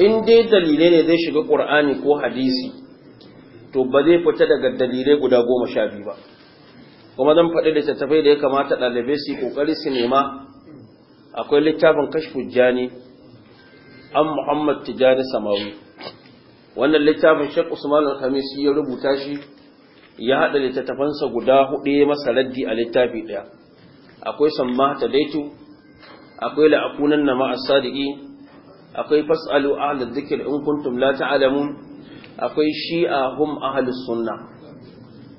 in dai dalilai ne zai shiga ƙur'ani ko hadisi to ba zai fita daga dalilai guda goma sha biyu ba kuma zan faɗi da da ya kamata ɗalibai su yi ƙoƙari su nema akwai littafin kashfujjani jani an Muhammad Tijani Samawi wannan littafin shek Usman Al-Khamis ya rubuta shi ya haɗa littattafansa guda hudu masa raddi a littafi ɗaya akwai samma ta daitu akwai la'akunan na ma'a sadiki akwai fas'alu ahli dhikr in kuntum la ta'lamun akwai shi'a hum ahli sunna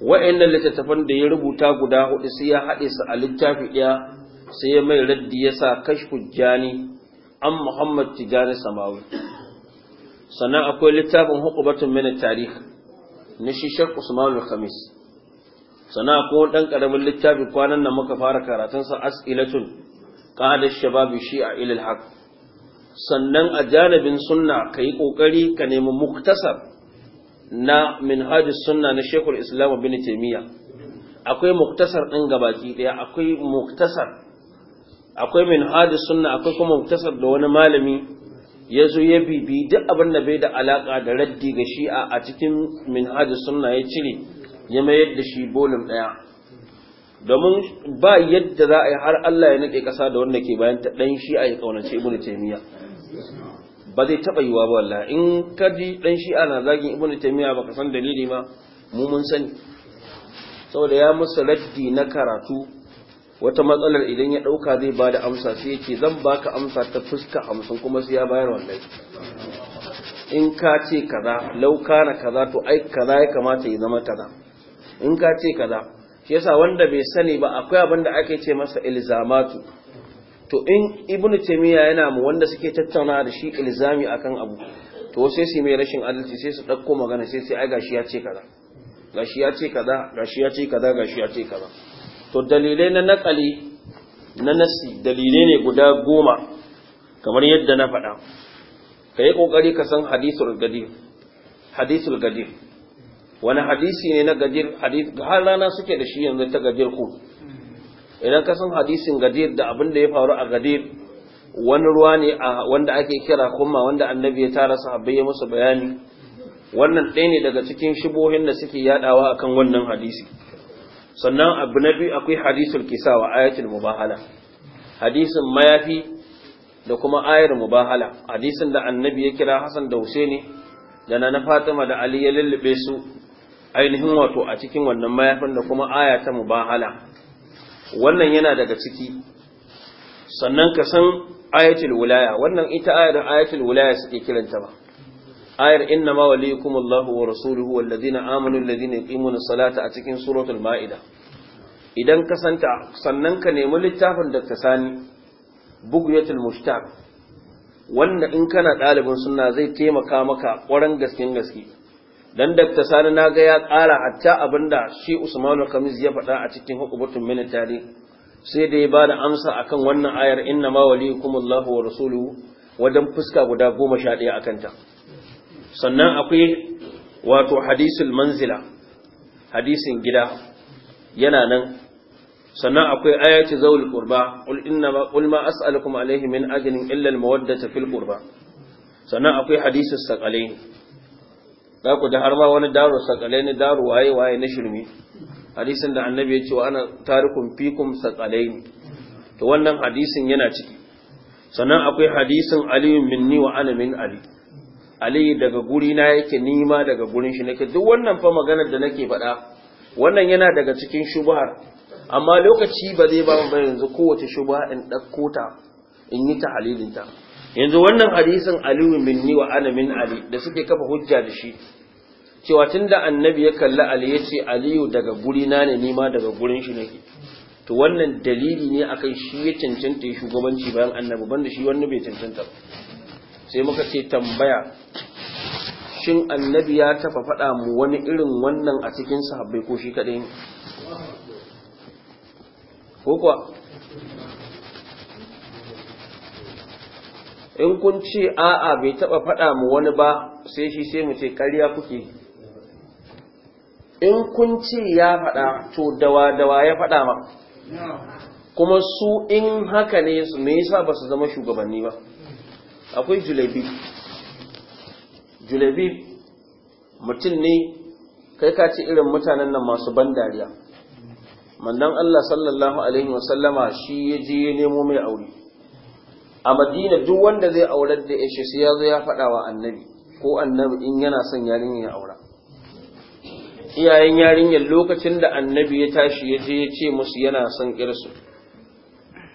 wa'annan littattafan da ya rubuta guda hudu sai ya haɗe su a littafi ɗaya sai mai raddi ya sa kashfu jani an Muhammad Tijani Samawi sannan akwai littafin hukubatun mini tarihi na shi Sheikh Usman Khamis sannan akwai dan karamin littafi kwanan nan muka fara karatun sa As'ilatun qala shababi shi'a ila al-haq sannan a janibin sunna kai kokari ka nemi muktasar na minhajus sunna na Sheikh Islam Ibn Taymiyyah akwai muktasar din gabaki daya akwai muktasar akwai min hadu sunna akwai kuma muktasar da wani malami ya zo ya bibi duk abin da bai da alaka da raddi ga shi'a a cikin min hadu sunna ya cire ya mayar da shi bolin ɗaya domin ba yadda za a yi har Allah ya nake ƙasa da wanda ke bayan ta ɗan shi'a ya ƙaunace ibnu taymiya ba zai taɓa yiwa ba wallahi in ka ji ɗan shi'a na zagin ibnu taymiya baka san dalili ma mu mun sani saboda ya musu raddi na karatu wata matsalar idan ya ɗauka zai bada amsa sai ce zan baka amsa ta fuska hamsin kuma sai ya bayar wannan in ka ce kaza lauka na kaza to ai kaza ya kamata ya zama kaza in ka ce kaza shi yasa wanda bai sani ba akwai abin da ake ce masa ilzamatu to in ibnu taymiya yana mu wanda suke tattauna da shi ilzami akan abu to sai su mai rashin adalci sai su ɗauko magana sai sai ai gashi ya ce kaza gashi ya ce kaza gashi ya ce kaza gashi ya ce kaza to dalilai na nakali na nasi dalilai ne guda goma kamar yadda na faɗa ka yi ƙoƙari ka san hadisul gadir hadisul gadir wani hadisi ne na gadir har rana suke da shi yanzu ta gadir ku idan ka san hadisin gadir da abin da ya faru a gadir wani ruwa ne a wanda ake kira kuma wanda annabi ya tara sahabbai ya musu bayani wannan ɗaya ne daga cikin shibohin da suke yadawa akan wannan hadisi sannan abu na biyu akwai hadisul kisa wa ayatul mubahala hadisin mayafi da kuma ayar mubahala hadisin da annabi ya kira Hassan da Husaini da na Fatima da Ali ya lullube su ainihin wato a cikin wannan mayafin da kuma aya ta mubahala wannan yana daga ciki sannan ka san ayatul wulaya. wannan ita ayar ayatul wulaya suke kiranta ba ayar inna ma waliyukum Allah wa rasuluhu walladina amanu alladina yuqimuna salata a cikin suratul maida idan ka santa sannan ka nemi littafin da ka sani bugyatul mushtaq wanda in kana ɗalibin sunna zai taimaka maka ƙoran gaskin gaske dan Dr. Sani na ga ya ƙara hatta abinda shi Usmanu Khamis ya faɗa a cikin hukumatun military sai da ya ba da amsa akan wannan ayar inna ma waliyukum Allah wa rasuluhu wajen fuska guda goma sha ɗaya akan ta. sannan akwai wato hadisul manzila hadisin gida yana nan sannan akwai ayati zawul qurba qul inna ma qul ma as'alukum alayhi min ajrin illa al mawaddata fil qurba sannan akwai hadisus saqalain za ku da har ma wani daro saqalain daro waye waye na shirmi hadisin da annabi ya ce wa ana tarikum fikum saqalain to wannan hadisin yana ciki sannan akwai hadisin aliyu minni wa ana min ali Ali daga guri na yake nima daga gurin shi nake duk wannan fa maganar da nake faɗa wannan yana daga cikin shubuhar amma lokaci ba zai ba mu yanzu kowace shubuha in ɗauko ta in yi ta'alilin ta yanzu wannan hadisin Aliyu minni wa ana min Ali da suke kafa hujja da shi cewa tunda annabi ya kalli Ali ya ce Aliyu daga guri na ne nima daga gurin shi nake to wannan dalili ne akan shi ya cancanta shugabanci bayan annabi banda shi wannan bai cancanta ba sai muka ce tambaya shin annabi ya tafa faɗa mu wani irin wannan a cikin sahabbai ko shi kaɗai ko kuwa in kun ce a'a bai taɓa faɗa mu wani ba sai shi sai mu ce ƙarya kuke in kun ce ya faɗa to dawa-dawa ya faɗa ma kuma su in haka ne me yasa ba su zama shugabanni ba akwai julebi julebi mutum ne kai ka ce irin mutanen nan masu ban dariya mandan Allah sallallahu alaihi wasallama shi ya je ya nemo mai aure a madina duk wanda zai aurar da shi sai ya zo ya faɗa wa annabi ko annabi in yana son yarinya ya aura iyayen yarinyar lokacin da annabi ya tashi ya je ya ce musu yana son kirsu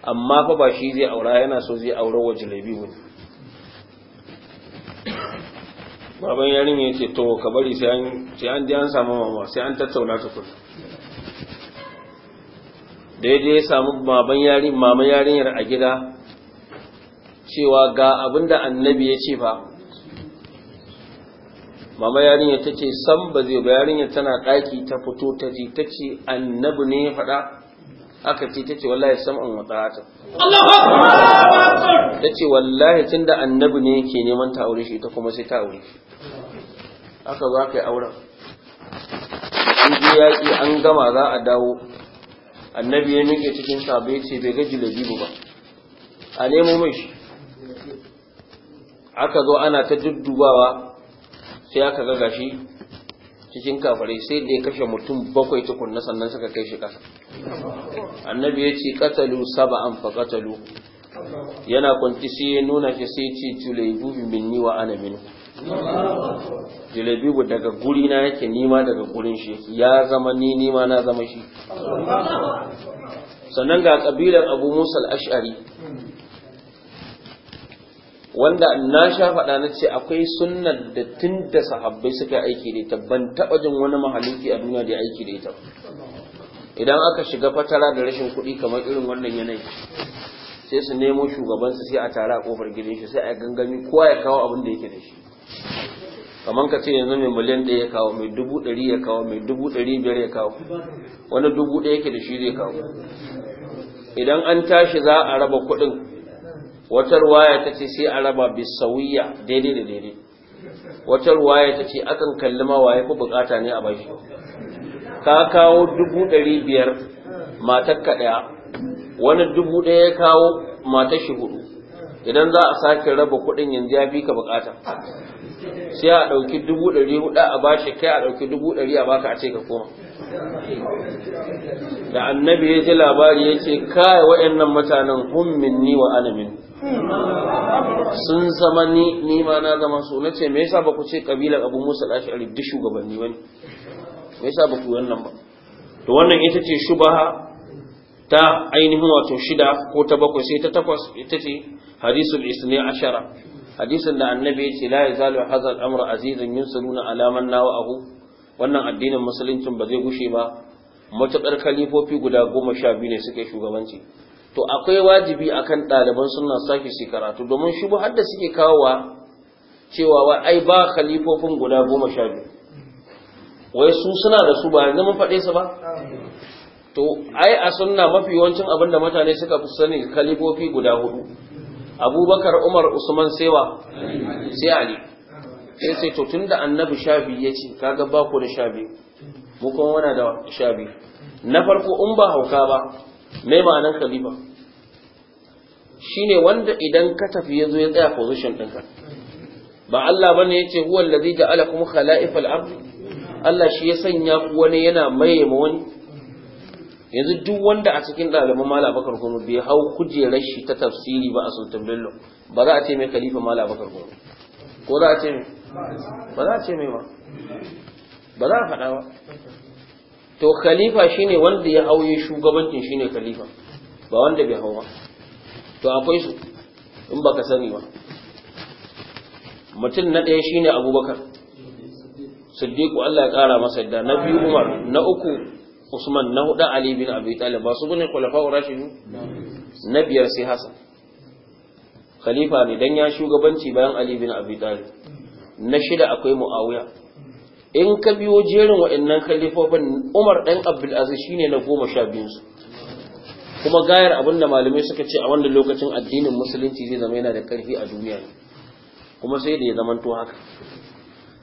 amma fa ba shi zai aura yana so zai aura wa jalebi wani baban yarinya ya ce to ka bari sai an je an samu mama sai an tattauna ta kudu da ya je ya samu baban yarin mama yarinyar a gida cewa ga abin da annabi ya ce fa mama yarinya ta ce san ba zai ba yarinya tana ɗaki ta fito ta ji ta ce annabi ne ya faɗa aka ce tace wallahi sam'an wa ta'ata Allahu akbar tace wallahi tunda annabi ne yake neman ta aure shi ita kuma sai ta aure shi aka zo aka yi auren in ji yaƙi an gama za a dawo annabi ya miƙe cikin ya ce bai ga jilabibu ba a nemo mai shi aka zo ana ta duddubawa sai aka ga gashi cikin kafirai sai da ya kashe mutum bakwai tukunna sannan suka kai shi ƙasa annabi ya ce katalu an fa katalu yana kwanci sai ya nuna shi sai ce julebu minni wa ana minu julebu daga guri na yake nima daga gurin shi ya zama ni nima na zama shi sannan ga kabilar abu musa al-ash'ari wanda na sha faɗa na ce akwai sunnar da tun da sahabbai suka aiki da ita ban taɓa jin wani mahaluki a duniya da ya aiki da ita idan aka shiga fatara da rashin kuɗi kamar irin wannan yanayi sai su nemo shugabansu sai a tare a kofar gidan shi sai a gangami kowa ya kawo abin da yake da shi kamar ka ce yanzu mai miliyan ɗaya ya kawo mai dubu ɗari ya kawo mai dubu ɗari biyar ya kawo wani dubu ɗaya yake da shi zai kawo idan an tashi za a raba kuɗin wata ruwaya ta ce sai a raba bisawiya daidai da daidai wata ruwaya ta ce akan kalli mawa ya ku bukata ne a bashi ka kawo dubu ɗari biyar matar ka ɗaya wani dubu ɗaya ya kawo matar shi hudu idan za a sake raba kuɗin yanzu ya fi ka bukata sai a ɗauki dubu ɗari hudu a bashi kai a ɗauki dubu ɗari a baka a ce ka koma da annabi ya ji labari ya ce kai wa'annan mutanen hun ni wa anamin sun zama ni ni ma na zama su na ce me yasa ba ku ce kabilar abu musa al-ash'ari duk shugabanni wani me yasa ba ku wannan ba to wannan ita ce shubaha ta ainihin wato shida ko ta bakwai sai ta takwas ita ce hadisul isni ashara hadisin da annabi ya ce la yazalu hazal amru azizun yunsuruna alaman nawa'ahu wannan addinin musuluncin ba zai gushe ba matuƙar kalifofi guda goma sha biyu ne suke shugabanci to akwai wajibi akan ɗaliban suna sake su karatu domin shi har da suke kawowa cewa wa ai ba kalifofin guda goma sha biyu wai su suna da su ba yanzu mun faɗe su ba to ai a sunna mafi yawancin abin da mutane suka fi sani kalifofi guda hudu abubakar umar usman sewa sai ali sai sai to tun da annabi sha biyu ya ce kaga ba ku da sha biyu mu kuma wana da sha biyu na farko in ba hauka ba mai ma'anan shi shine wanda idan ka tafi ya zo ya tsaya position ɗinka ba Allah ba ne ya ce huwa allazi ala kuma khala'ifal ard Allah shi ya sanya ku wani yana maye ma wani yanzu duk wanda a cikin ɗaliban mala bakar kuma bai hau kujerar shi ta tafsiri ba a sultan bello ba za a ce mai khalifa mala bakar kuma ko za a ce mai ba za a ce mai ba ba za a faɗa ba to khalifa shine wanda ya hauye shugabancin shine khalifa ba wanda bai hau ba to akwai su in baka sani ba mutum na ɗaya shine abubakar siddiqu Allah ya ƙara masa yadda na biyu umar na uku usman na hudu ali bin abi talib ba su bane khulafa'ur rashidu na biyar sai hasan khalifa ne dan ya shugabanci bayan ali bin abi talib na shida akwai mu'awiya in ka biyo jerin waɗannan kalifofin umar ɗan abdulaziz shine na goma sha biyunsu kuma gayar abin da malamai suka ce a wanda lokacin addinin musulunci zai zama yana da ƙarfi a duniya ne kuma sai da ya zama to haka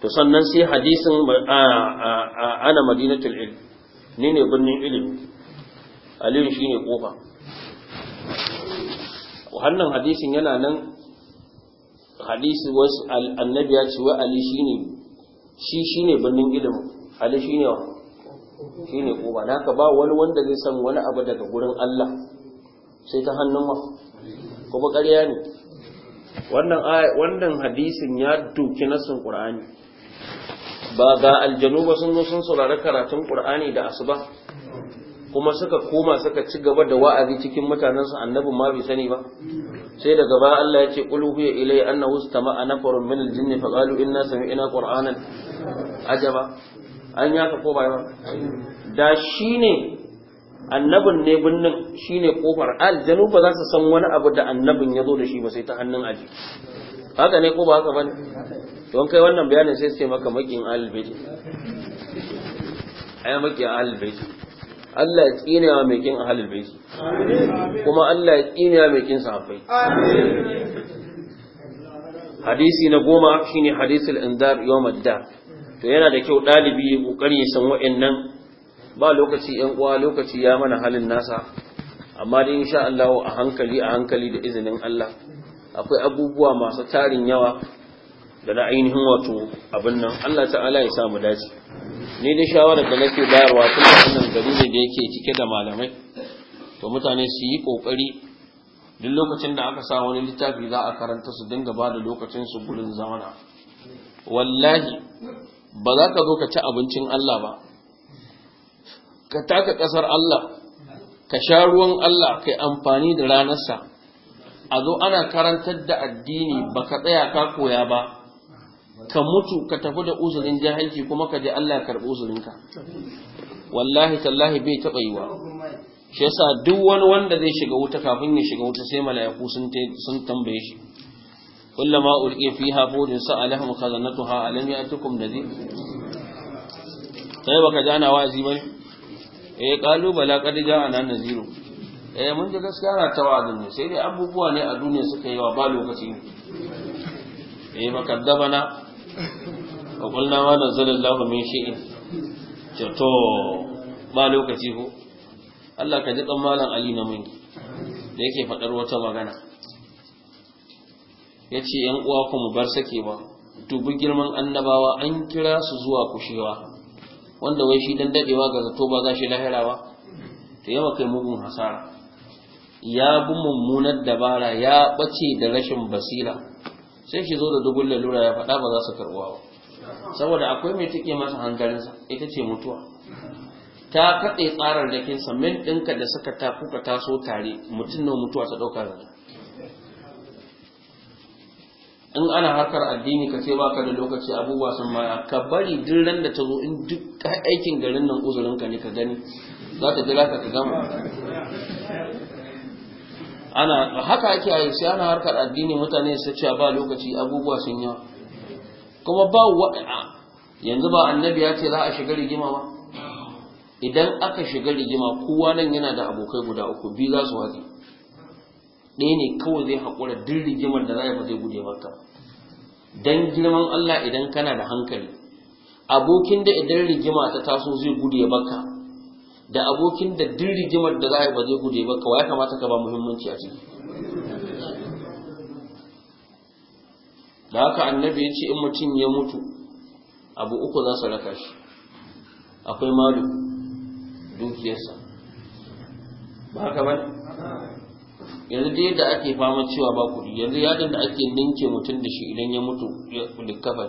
to sannan sai hadisin ana madinatul ilm ni ne birnin ilimi aliyu shine kofa wannan hadisin yana nan hadisi wasu annabi ya ce wa ali ne shi ne birnin ilimi ali ne wa ko ba da haka ba wani wanda zai san wani abu daga gurin Allah sai ta hannun wa kuma ƙarya ne wannan wannan hadisin ya doki nasin qur'ani ba ga aljanu ba sun zo sun saurari karatun qur'ani da asuba kuma suka koma suka ci gaba da wa'azi cikin mutanensu annabin ma bai sani ba sai daga ba Allah ya ce qul huwa ilay na istama'a nafarun min al-jinn fa ina sami ina qur'anan ajaba an ka ko ba da shi ne annabin ne binnin ne kofar aljanu ba za su san wani abu da annabin ya zo da shi ba sai ta hannun aji haka ne ko ba haka bane don kai wannan bayanin sai sai maka makin ahlul ai makin ahlul Allah ya tsine wa mai kin bai baiti kuma Allah ya tsine wa mai kin safai hadisi na goma shine hadisul indar yawm ad to yana da kyau ɗalibi ya kokari ya san wa'annan ba lokaci yan uwa lokaci ya mana halin nasa amma dai insha Allah a hankali a hankali da izinin Allah akwai abubuwa masu tarin yawa da na ainihin wato abin nan Allah ta'ala ya samu dace ni dai shawarar da nake bayarwa tun da wannan gari ne da yake cike da malamai to mutane su yi kokari duk lokacin da aka sa wani littafi za a karanta su dinga ba da lokacin su gurin zamana wallahi ba za ka zo ka ci abincin Allah ba ka taka kasar Allah ka sha ruwan Allah kai amfani da ranarsa a zo ana karantar da addini ba ka tsaya ka koya ba ka mutu ka tafi da uzurin jahilci kuma ka je Allah ya karɓi uzurinka wallahi tallahi bai taɓa yiwa shi yasa duk wani wanda zai shiga wuta kafin ya shiga wuta sai mala'iku sun sun tambaye shi kullama ulqi fiha fawjun sa'alahum khazanatuha alam ya'tukum nadhir sai baka ji ana wa'azi bane eh qalu bala qad ja'ana Naziru. eh mun ji gaskiya na tawadin ne sai dai abubuwa ne a duniya suka yi wa ba lokaci ne eh makaddabana وقلنا ما نزل الله من شيء to ba lokaci ko Allah ka ji dan malam Ali na mun da yake faɗar wata magana yace yan uwa ku mu bar sake ba dubi girman annabawa an kira su zuwa kushewa wanda wai shi dan dadewa ga zato ba za shi ba? to yawa kai mugun hasara ya bi mummunar dabara ya ɓace da rashin basira sai shi zo da dubun lalura ya faɗa ba za su karɓuwa ba saboda akwai mai take masa hankalinsa ita ce mutuwa ta katse tsarar dakinsa min ɗinka da suka ta kuka taso tare mutum na mutuwa ta ɗauka zata in ana harkar addini ka ce baka da lokaci abubuwa sun maya ka bari dirran da ta zo in duk aikin garin nan uzurinka ne ka gani za ta jira ka ka gama ana haka ake a sai ana harkar addini mutane su ce ba lokaci abubuwa sun yi kuma ba yanzu ba annabi ya ce za a shiga rigima ba idan aka shiga rigima kowa nan yana da abokai guda uku biyu za su watsi ɗaya ne kawai zai haƙura duk rigimar da za a zai gude maka don girman Allah idan kana da hankali abokin da idan rigima ta taso zai gude baka da abokin da duk rigimar da za a yi ba zai guje ba kawai ya kamata ka ba muhimmanci a ciki da haka annabi ya ce in mutum ya mutu abu uku za su raka shi akwai malu dukiyarsa ba haka ba yanzu da yadda ake fama cewa ba kuɗi yanzu yadin da ake ninke mutum da shi idan ya mutu likkafa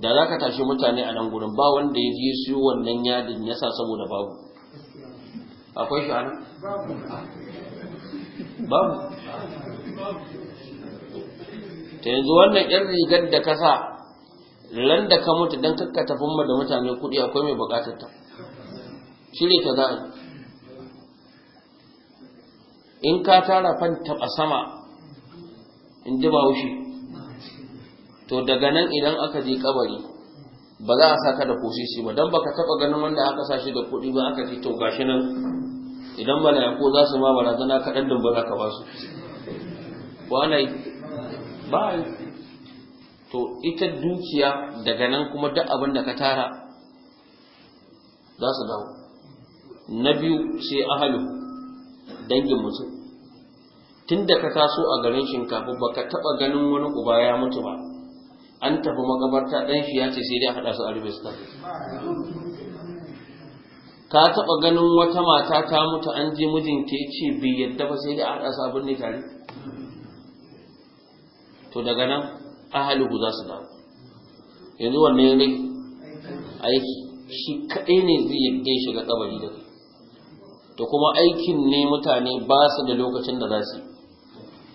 da za ka tashi mutane a nan gurin ba wanda ya je siyo wannan yadin ya sa saboda babu akwai shi anan babu ta yanzu wannan yan rigar da ka sa ran da ka mutu don kakka tafin da mutane kuɗi akwai mai buƙatar ta shirya ka za'a in ka tara fan taɓa sama in ji ba to daga nan idan aka je kabari ba za a saka da kosisi ba don baka taba ganin wanda aka sa shi da kuɗi ba aka ji to gashi nan idan mala'iku za su ma barazana kaɗan dan za ka ba su wani ba to ita dukiya daga nan kuma duk abin da ka tara za su dawo na biyu sai ahalu dangin mutum tun da ka taso a garin shinkafa ba ka taɓa ganin wani uba ya mutu ba an tafi magabarta ɗan shi ya ce sai dai a haɗa su a rubuta ka taɓa ganin wata mata ta mutu an je mijinta ya ce bai yadda ba sai da a haɗa sabon ne tare to daga nan ahalihu za su dawo yanzu wannan rai aiki shi kaɗai ne zai yadda ya shiga kabari da to kuma aikin ne mutane ba su da lokacin da za su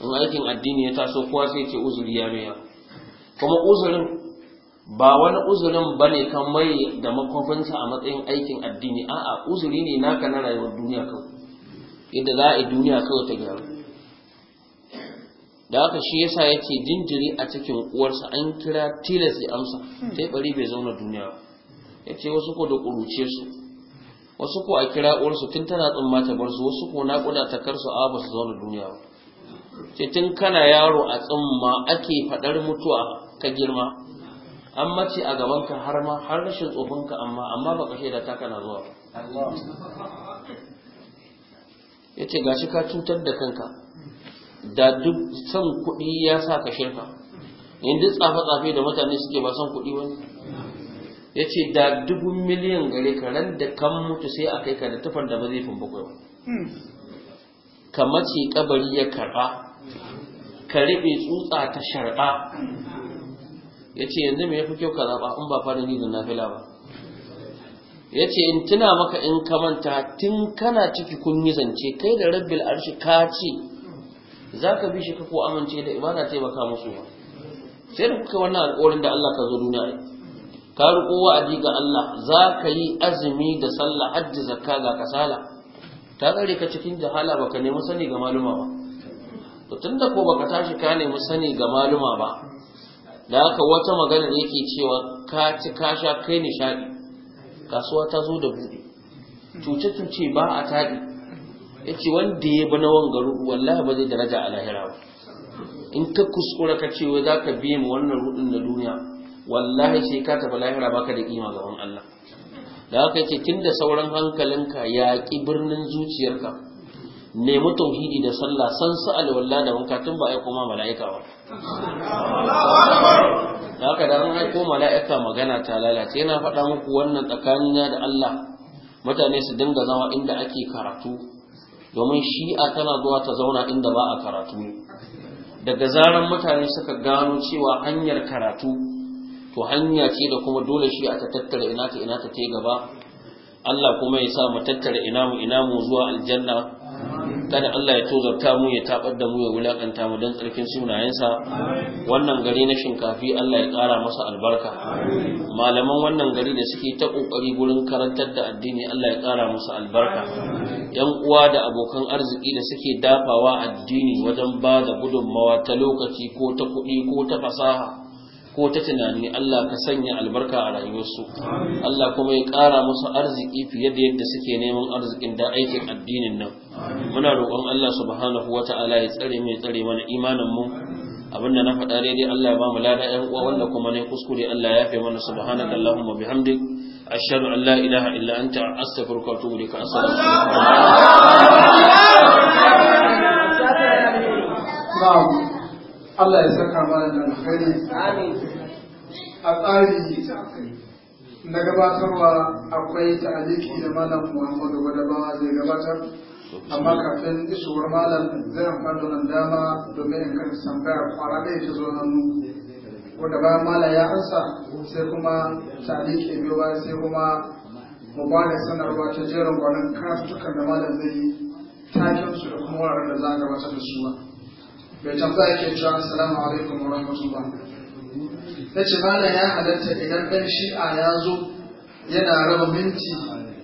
in aikin addini ya taso kowa sai ce uzuri ya miya kuma uzurin ba wani uzurin ba ne kan mai da makofinsa a matsayin aikin addini a'a uzuri ne naka na rayuwar duniya kawai Inda za a yi duniya kawai ta gyaru da haka shi yasa yake jinjiri a cikin uwarsa an kira tilas ya amsa ta bari bai zauna duniya ba ya ce wasu ko da kuruce su wasu ko a kira uwarsu tun tana tsumma ta bar su wasu ko kuda ta karsu a ba su zauna duniya ba ce tun kana yaro a tsumma ake faɗar mutuwa ka girma an mace a gabanka har ma har rashin tsofinka amma amma baka shaida ta kana zuwa ya ce gashi ka cutar da kanka da duk son kuɗi ya sa ka shirka yanzu tsafe-tsafe da mutane suke ba son kuɗi wani ya ce da dubun miliyan gare ka ran da kan mutu sai a kai ka da tufar da ba bakwai ka mace kabari ya karɓa ka riɓe tsutsa ta sharɓa ya ce yanzu mai ya fi kyau ka zaɓa in ba fara nizin fila ba ya ce in tuna maka in ka manta tun kana ciki kun yi zance kai da rabbil arshi ka ce za ka bi shi ka ko amince da ibada taimaka musu ba sai da kuka wannan alƙawarin da Allah ka zo duniya ka riƙo wa'adi ga Allah za ka yi azumi da sallah hajji zakka ga kasala ta tsare ka cikin jahala baka nemi sani ga maluma ba to tunda ko baka tashi ka nemi sani ga maluma ba da haka wata magana yake cewa ka ci ka sha kai nishaɗi, kasuwa ta zo da buɗe cuce-cuce ba a taɗi ya ce wanda ya bi na wangaru wallahi ba zai daraja a lahira ba in ka kuskura ka ce za ka biye mu wannan rudin na duniya wallahi sai ka tafi lahira ba ka da kima gaban Allah da haka ce tun da sauran hankalinka ya ƙi birnin zuciyarka nemi tauhidi da sallah san su alwala da wanka tun ba aiko ma mala'ika ba da haka da an aiko mala'ika magana ta lalace yana faɗa muku wannan tsakanina da Allah mutane su dinga zama inda ake karatu domin shi'a tana zuwa ta zauna inda ba a karatu daga zaran mutane suka gano cewa hanyar karatu to hanya ce da kuma dole shi a tattara ina ta ina ta gaba Allah kuma ya sa mu tattara ina mu ina mu zuwa aljanna kada Allah ya tozarta mu ya tabar da mu ya wulakanta mu dan tsarkin sunayensa wannan gari na shinkafi Allah ya kara masa albarka malaman wannan gari da suke ta kokari gurin karantar da addini Allah ya kara musu albarka yan uwa da abokan arziki da suke dafawa addini wajen ba da gudunmawa ta lokaci ko ta kuɗi ko ta fasaha ko ta tunani Allah ka sanya albarka a rayuwarsu Allah kuma ya ƙara musu arziki fiye da yadda suke neman arzikin da aikin addinin nan muna roƙon Allah subhanahu wata'ala ya tsare mai tsare mana imanin mu da na faɗa daidai Allah ya ba mu lada ƴan uwa wanda kuma ne kuskure Allah ya fi mana subhanaka allahumma bihamdik ashhadu an la ilaha illa anta astaghfiruka wa atubu ilaik assalamu alaikum Allah ya saka mana da alkhairi a tsari na gabatarwa akwai ta'aliki da malam Muhammadu Gwadabawa zai gabatar amma kafin isuwar malam zai amfani da dama domin in kan tambaya kwara ɗaya ta zo hannu wanda bayan malam ya ansa sai kuma ta'aliki biyu bayan sai kuma mu ba da sanarwa ta jerin gwanin karatukan da malam zai yi takin su da kuma wuraren da za a gabatar da su ba. mai tambaya ke cewa assalamu alaikum wa rahmatullah Ya ce bana ya halatta idan ɗan shi'a ya zo yana raba minti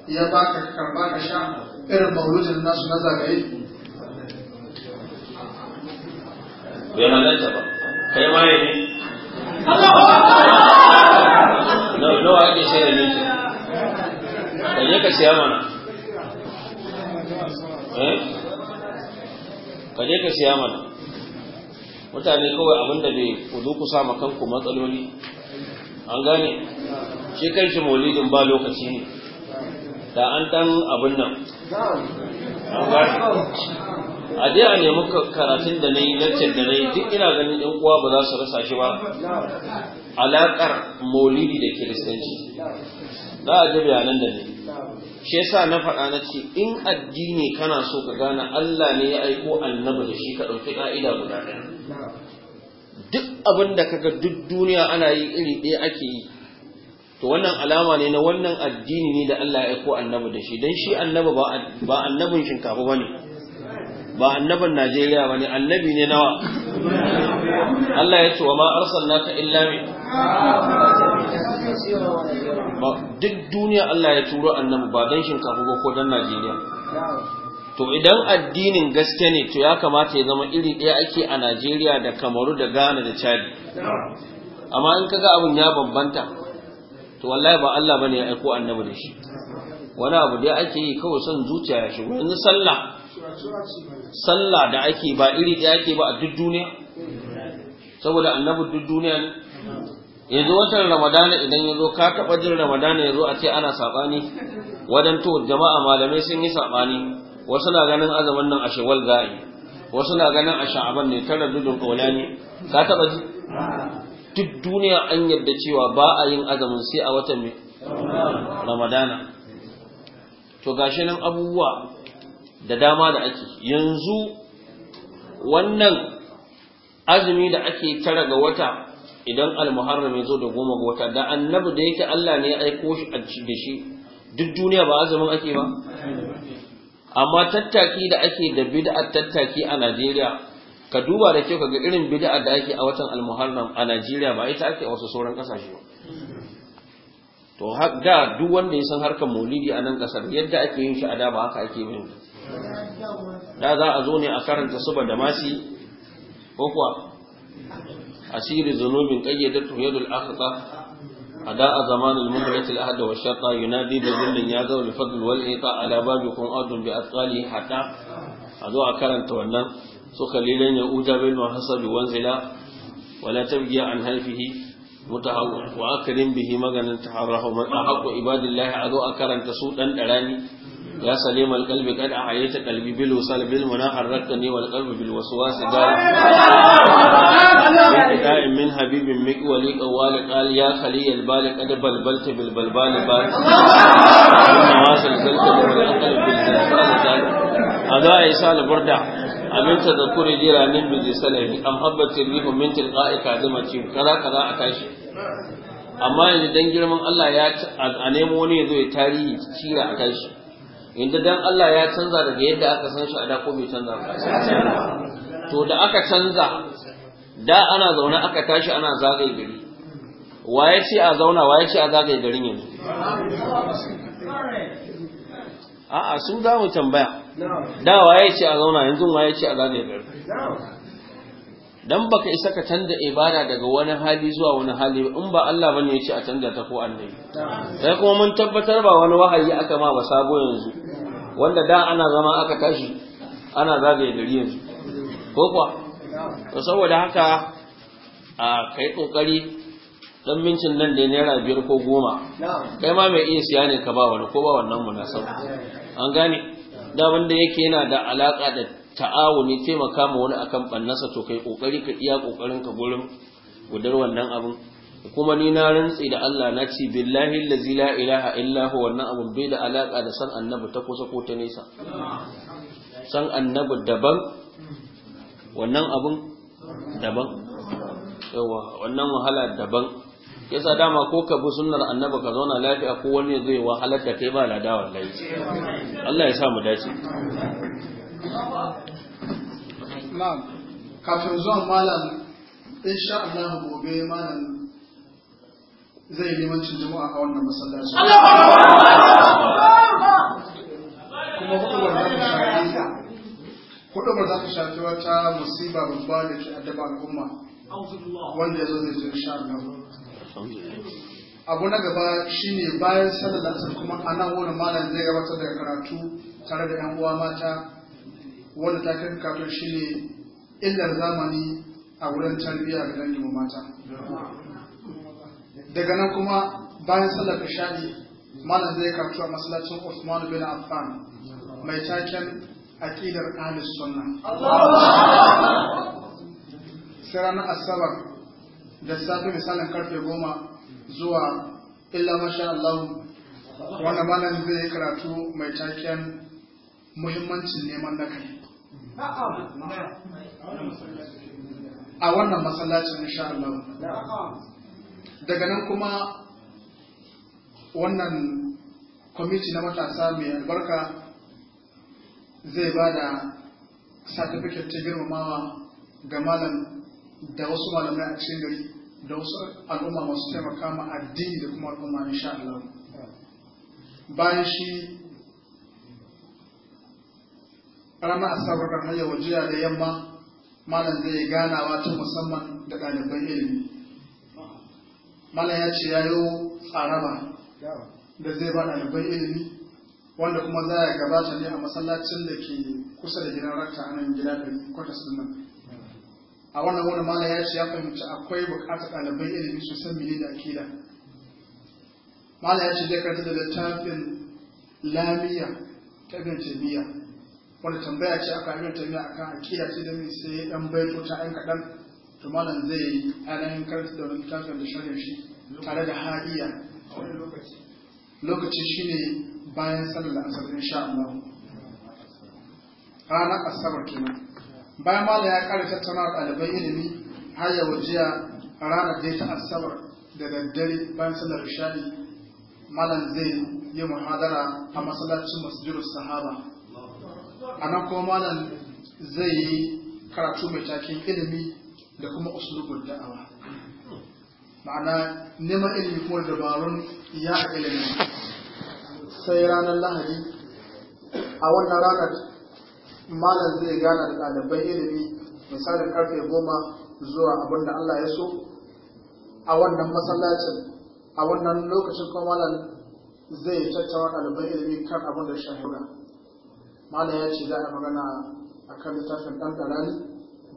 ya baka karba ka sha irin mauludin nasu na zagaye bai halatta ba kai ma ne nawa ake shirya minti kan yi ka siya mana eh? ka ka siya mana mutane kawai abin da bai kudu ku sa kanku matsaloli an gane shi kanshi maulidin ba lokaci ne da an dan abin nan an gane a je a nemi karatun da na yi lantar da na yi duk ina ganin yan uwa ba za su rasa shi ba alaƙar maulidi da kiristanci za a ji bayanan da ne shi yasa na faɗa na ce in addini kana so ka gane Allah ne ya aiko annabi da shi ka ɗauki ƙa'ida guda ɗaya duk abin da kaga duk duniya ana yi iri ɗaya ake yi to wannan alama ne na wannan addini ne da Allah ya aiko annabi da shi dan shi annabi ba ba annabin shinkafa bane ba annabin Najeriya bane annabi ne nawa Allah ya ce wa ma arsalnaka illa bi duk duniya Allah ya turo annabi ba dan shinkafa ba ko dan Najeriya to idan addinin gaske ne to ya kamata ya zama iri ɗaya ake a Najeriya da Kamaru da Ghana da Chadi amma in kaga abun ya bambanta to wallahi ba Allah bane ya aiko annabi da shi wani abu da ake yi kawai son zuciya ya shigo yanzu sallah sallah da ake ba iri ɗaya ake ba a duk duniya saboda annabi duk duniya ne yanzu watan ramadana idan ya zo ka taɓa jin ramadana ya zo a ce ana saɓani wadanto jama'a malamai sun yi saɓani wasu na ganin azumin nan a shawal za'i wasu na ganin a sha'aban ne tara dudun kola ne ka taba ji duk duniya an yadda cewa ba a yin azumin sai a watan ramadana to gashi nan abubuwa da dama da ake yanzu wannan azumi da ake tara ga wata idan almuharram ya zo da goma ga wata da annabi da yake Allah ne ya aiko shi a da shi duk duniya ba azumin ake ba amma tattaki da ake da bid'ar tattaki a Najeriya ka duba da kyau ga irin bid'ar da ake a watan al-Muharram a Najeriya ba ita ake a wasu sauran kasashe ba to da duk wanda ya san harkar maulidi a nan kasar yadda ake yin shi a da ba haka ake yin da za a zo ne a karanta suba da masi ko kuwa asiri zunubin kayyadatu yadul akhta أداء زمان المهلة الأهد والشقة ينادي بذل ياذا الفضل والإيطاء على بابكم أرض بأثقاله حتى أدعى كرنت والنم سخليلا يؤوج بالمحسد وانزلا ولا تبقي عن هلفه متهور وأكرم به مغنا تحره من أحق عباد الله أدعى كرنت سوءا أراني ya salima alƙalbi kan a hayyata ƙalbi bil wasal bil munaharraka ne wal ƙalbi bil waswas da da in min habibin mik wali qawal qal ya khaliyal balik qad balbalt bil balbal ba wasal zalk bil aqal bil zalal dal hada isa al burda abin ta zakuri jira min bi salafi am habbati rihu min tilqa'i kadimati kala kala akashi amma idan girman Allah ya a nemo wani ya zo ya tarihi cira a kai inda dan Allah ya canza daga yadda aka san shi a da ko bai canza ba to da aka canza da ana zaune aka tashi ana zagaye gari waye ce a zauna waye ce a zagaye garin yanzu a'a sun za mu tambaya da waye ce a zauna yanzu waye ce a zagaye garin dan baka isa ka canza ibada daga wani hali zuwa wani hali in ba Allah bane ya ce a canza ta ko annabi sai kuma mun tabbatar ba wani wahayi aka ma ba sabo yanzu wanda da ana zama aka tashi ana zagaye gari yanzu ko kuwa to saboda haka a kai kokari dan mincin nan da naira biyar ko goma kai ma mai iya siya ne ka ba wani ko ba wannan munasaba an gane da wanda yake yana da alaka da ta'awuni taimaka ma wani akan bannasa to kai kokari ka iya kokarin ka gurin gudar wannan abin kuma ni na rantsi da Allah na ce billahi allazi la ilaha illa huwa wannan abin bai da alaka da san annabi ta kusa ko ta nesa san annabi daban wannan abin daban yawa wannan wahala daban yasa dama ko ka bi sunnar annabi ka zauna lafiya ko wani zai wahalar da kai ba ladawar wallahi Allah ya sa mu dace imam kafin zuwan malam insha Allah gobe malam zai limancin jama'a a wannan masallaci kuma hukumar za ku shafi za ku shafi wata musiba babba da ke addaba al'umma wanda ya zo zai je insha Allah abu na gaba shine bayan da kuma ana wani malam zai gabatar da karatu tare da yan uwa mata wanda ta kai katon shi ne illar zamani a wurin tarbiyya ga dangin mata daga nan kuma bayan sallar ishadi malam zai karatu a masallacin usman bin Affan mai taken aqidar ahlus sunna sai ranar asabar da safe misalin karfe goma zuwa illa masha Allah wanda malam zai karatu mai taken muhimmancin neman na kai a wannan masallacin insha Allah daga nan kuma wannan kwamiti na matasa mai albarka zai ba da certificate ta girmamawa ga malam da wasu malamai a cikin gari da wasu al'umma masu taimaka ma addini da kuma al'umma insha Allah bayan shi ranar asabar ranar yau jiya da yamma malam zai ganawa ta musamman da ɗaliban ilimi malam ya ce ya yi tsaraba da zai ba ɗaliban ilimi wanda kuma za ya gabata ne a masallacin da ke kusa da gidan rakta a nan gida da kwata din a wannan wani malam ya ce ya fahimci akwai buƙatar ɗaliban ilimi su san mene da akida malam ya ce zai karanta da littafin lamiya ta ibn tabiya wanda tambaya ce aka yi a kan akida sai da mai sai dan baito ta ɗan kaɗan to malam zai yi ainihin karfi da wani littafin da shirin shi tare da hadiya lokaci shi ne bayan sallar asabar sha Allah ranar asabar kenan bayan malam ya ƙara tattauna ɗaliban ilimi har ya wajiya ranar da ta asabar da daddare bayan sallar shaɗi malam zai yi muhadara a masallacin masjidar sahaba anan kuma malam zai yi karatu mai takin ilimi da kuma usulubul da'awa ma'ana neman ilimi kuma dabarun ya ilimi sai ranar lahadi a wannan ranar malam zai gana da ɗaliban ilimi misalin karfe goma zuwa abin da Allah ya so a wannan masallacin a wannan lokacin kuma malam zai tattawa ɗaliban ilimi kan abin da shahura mana ya ce za a magana a kan littafin ɗan ƙarani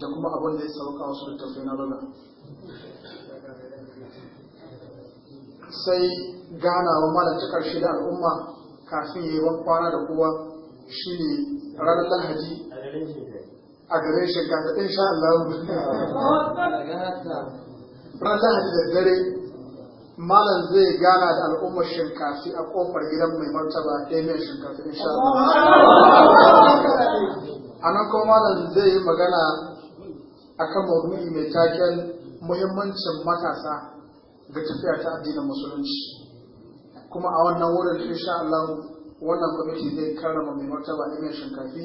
da kuma abin da ya sauka wasu littafi na lula sai ganawa mara ta ƙarshe da al'umma kafin yi ban kwana da kowa shi ne ranar lahadi a garin shekara da insha Allah ranar lahadi da dare malam zai gana da al'ummar shinkafi a kofar gidan mai martaba ɗaya shinkafi in Allah. A nan kuma malam zai yi magana a kan mai taken muhimmancin matasa ga tafiya ta addinin musulunci. Kuma a wannan wurin sha Allah wannan kwamiti zai karrama mai martaba mai shinkafi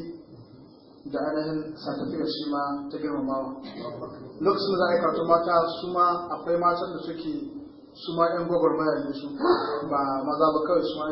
da ainihin satafiya shi ma ta girmamawa. Lokacin da za yi mata su ma akwai matan da suke su ma 'yan gwagwarmaya ne su ba maza ba kawai su ma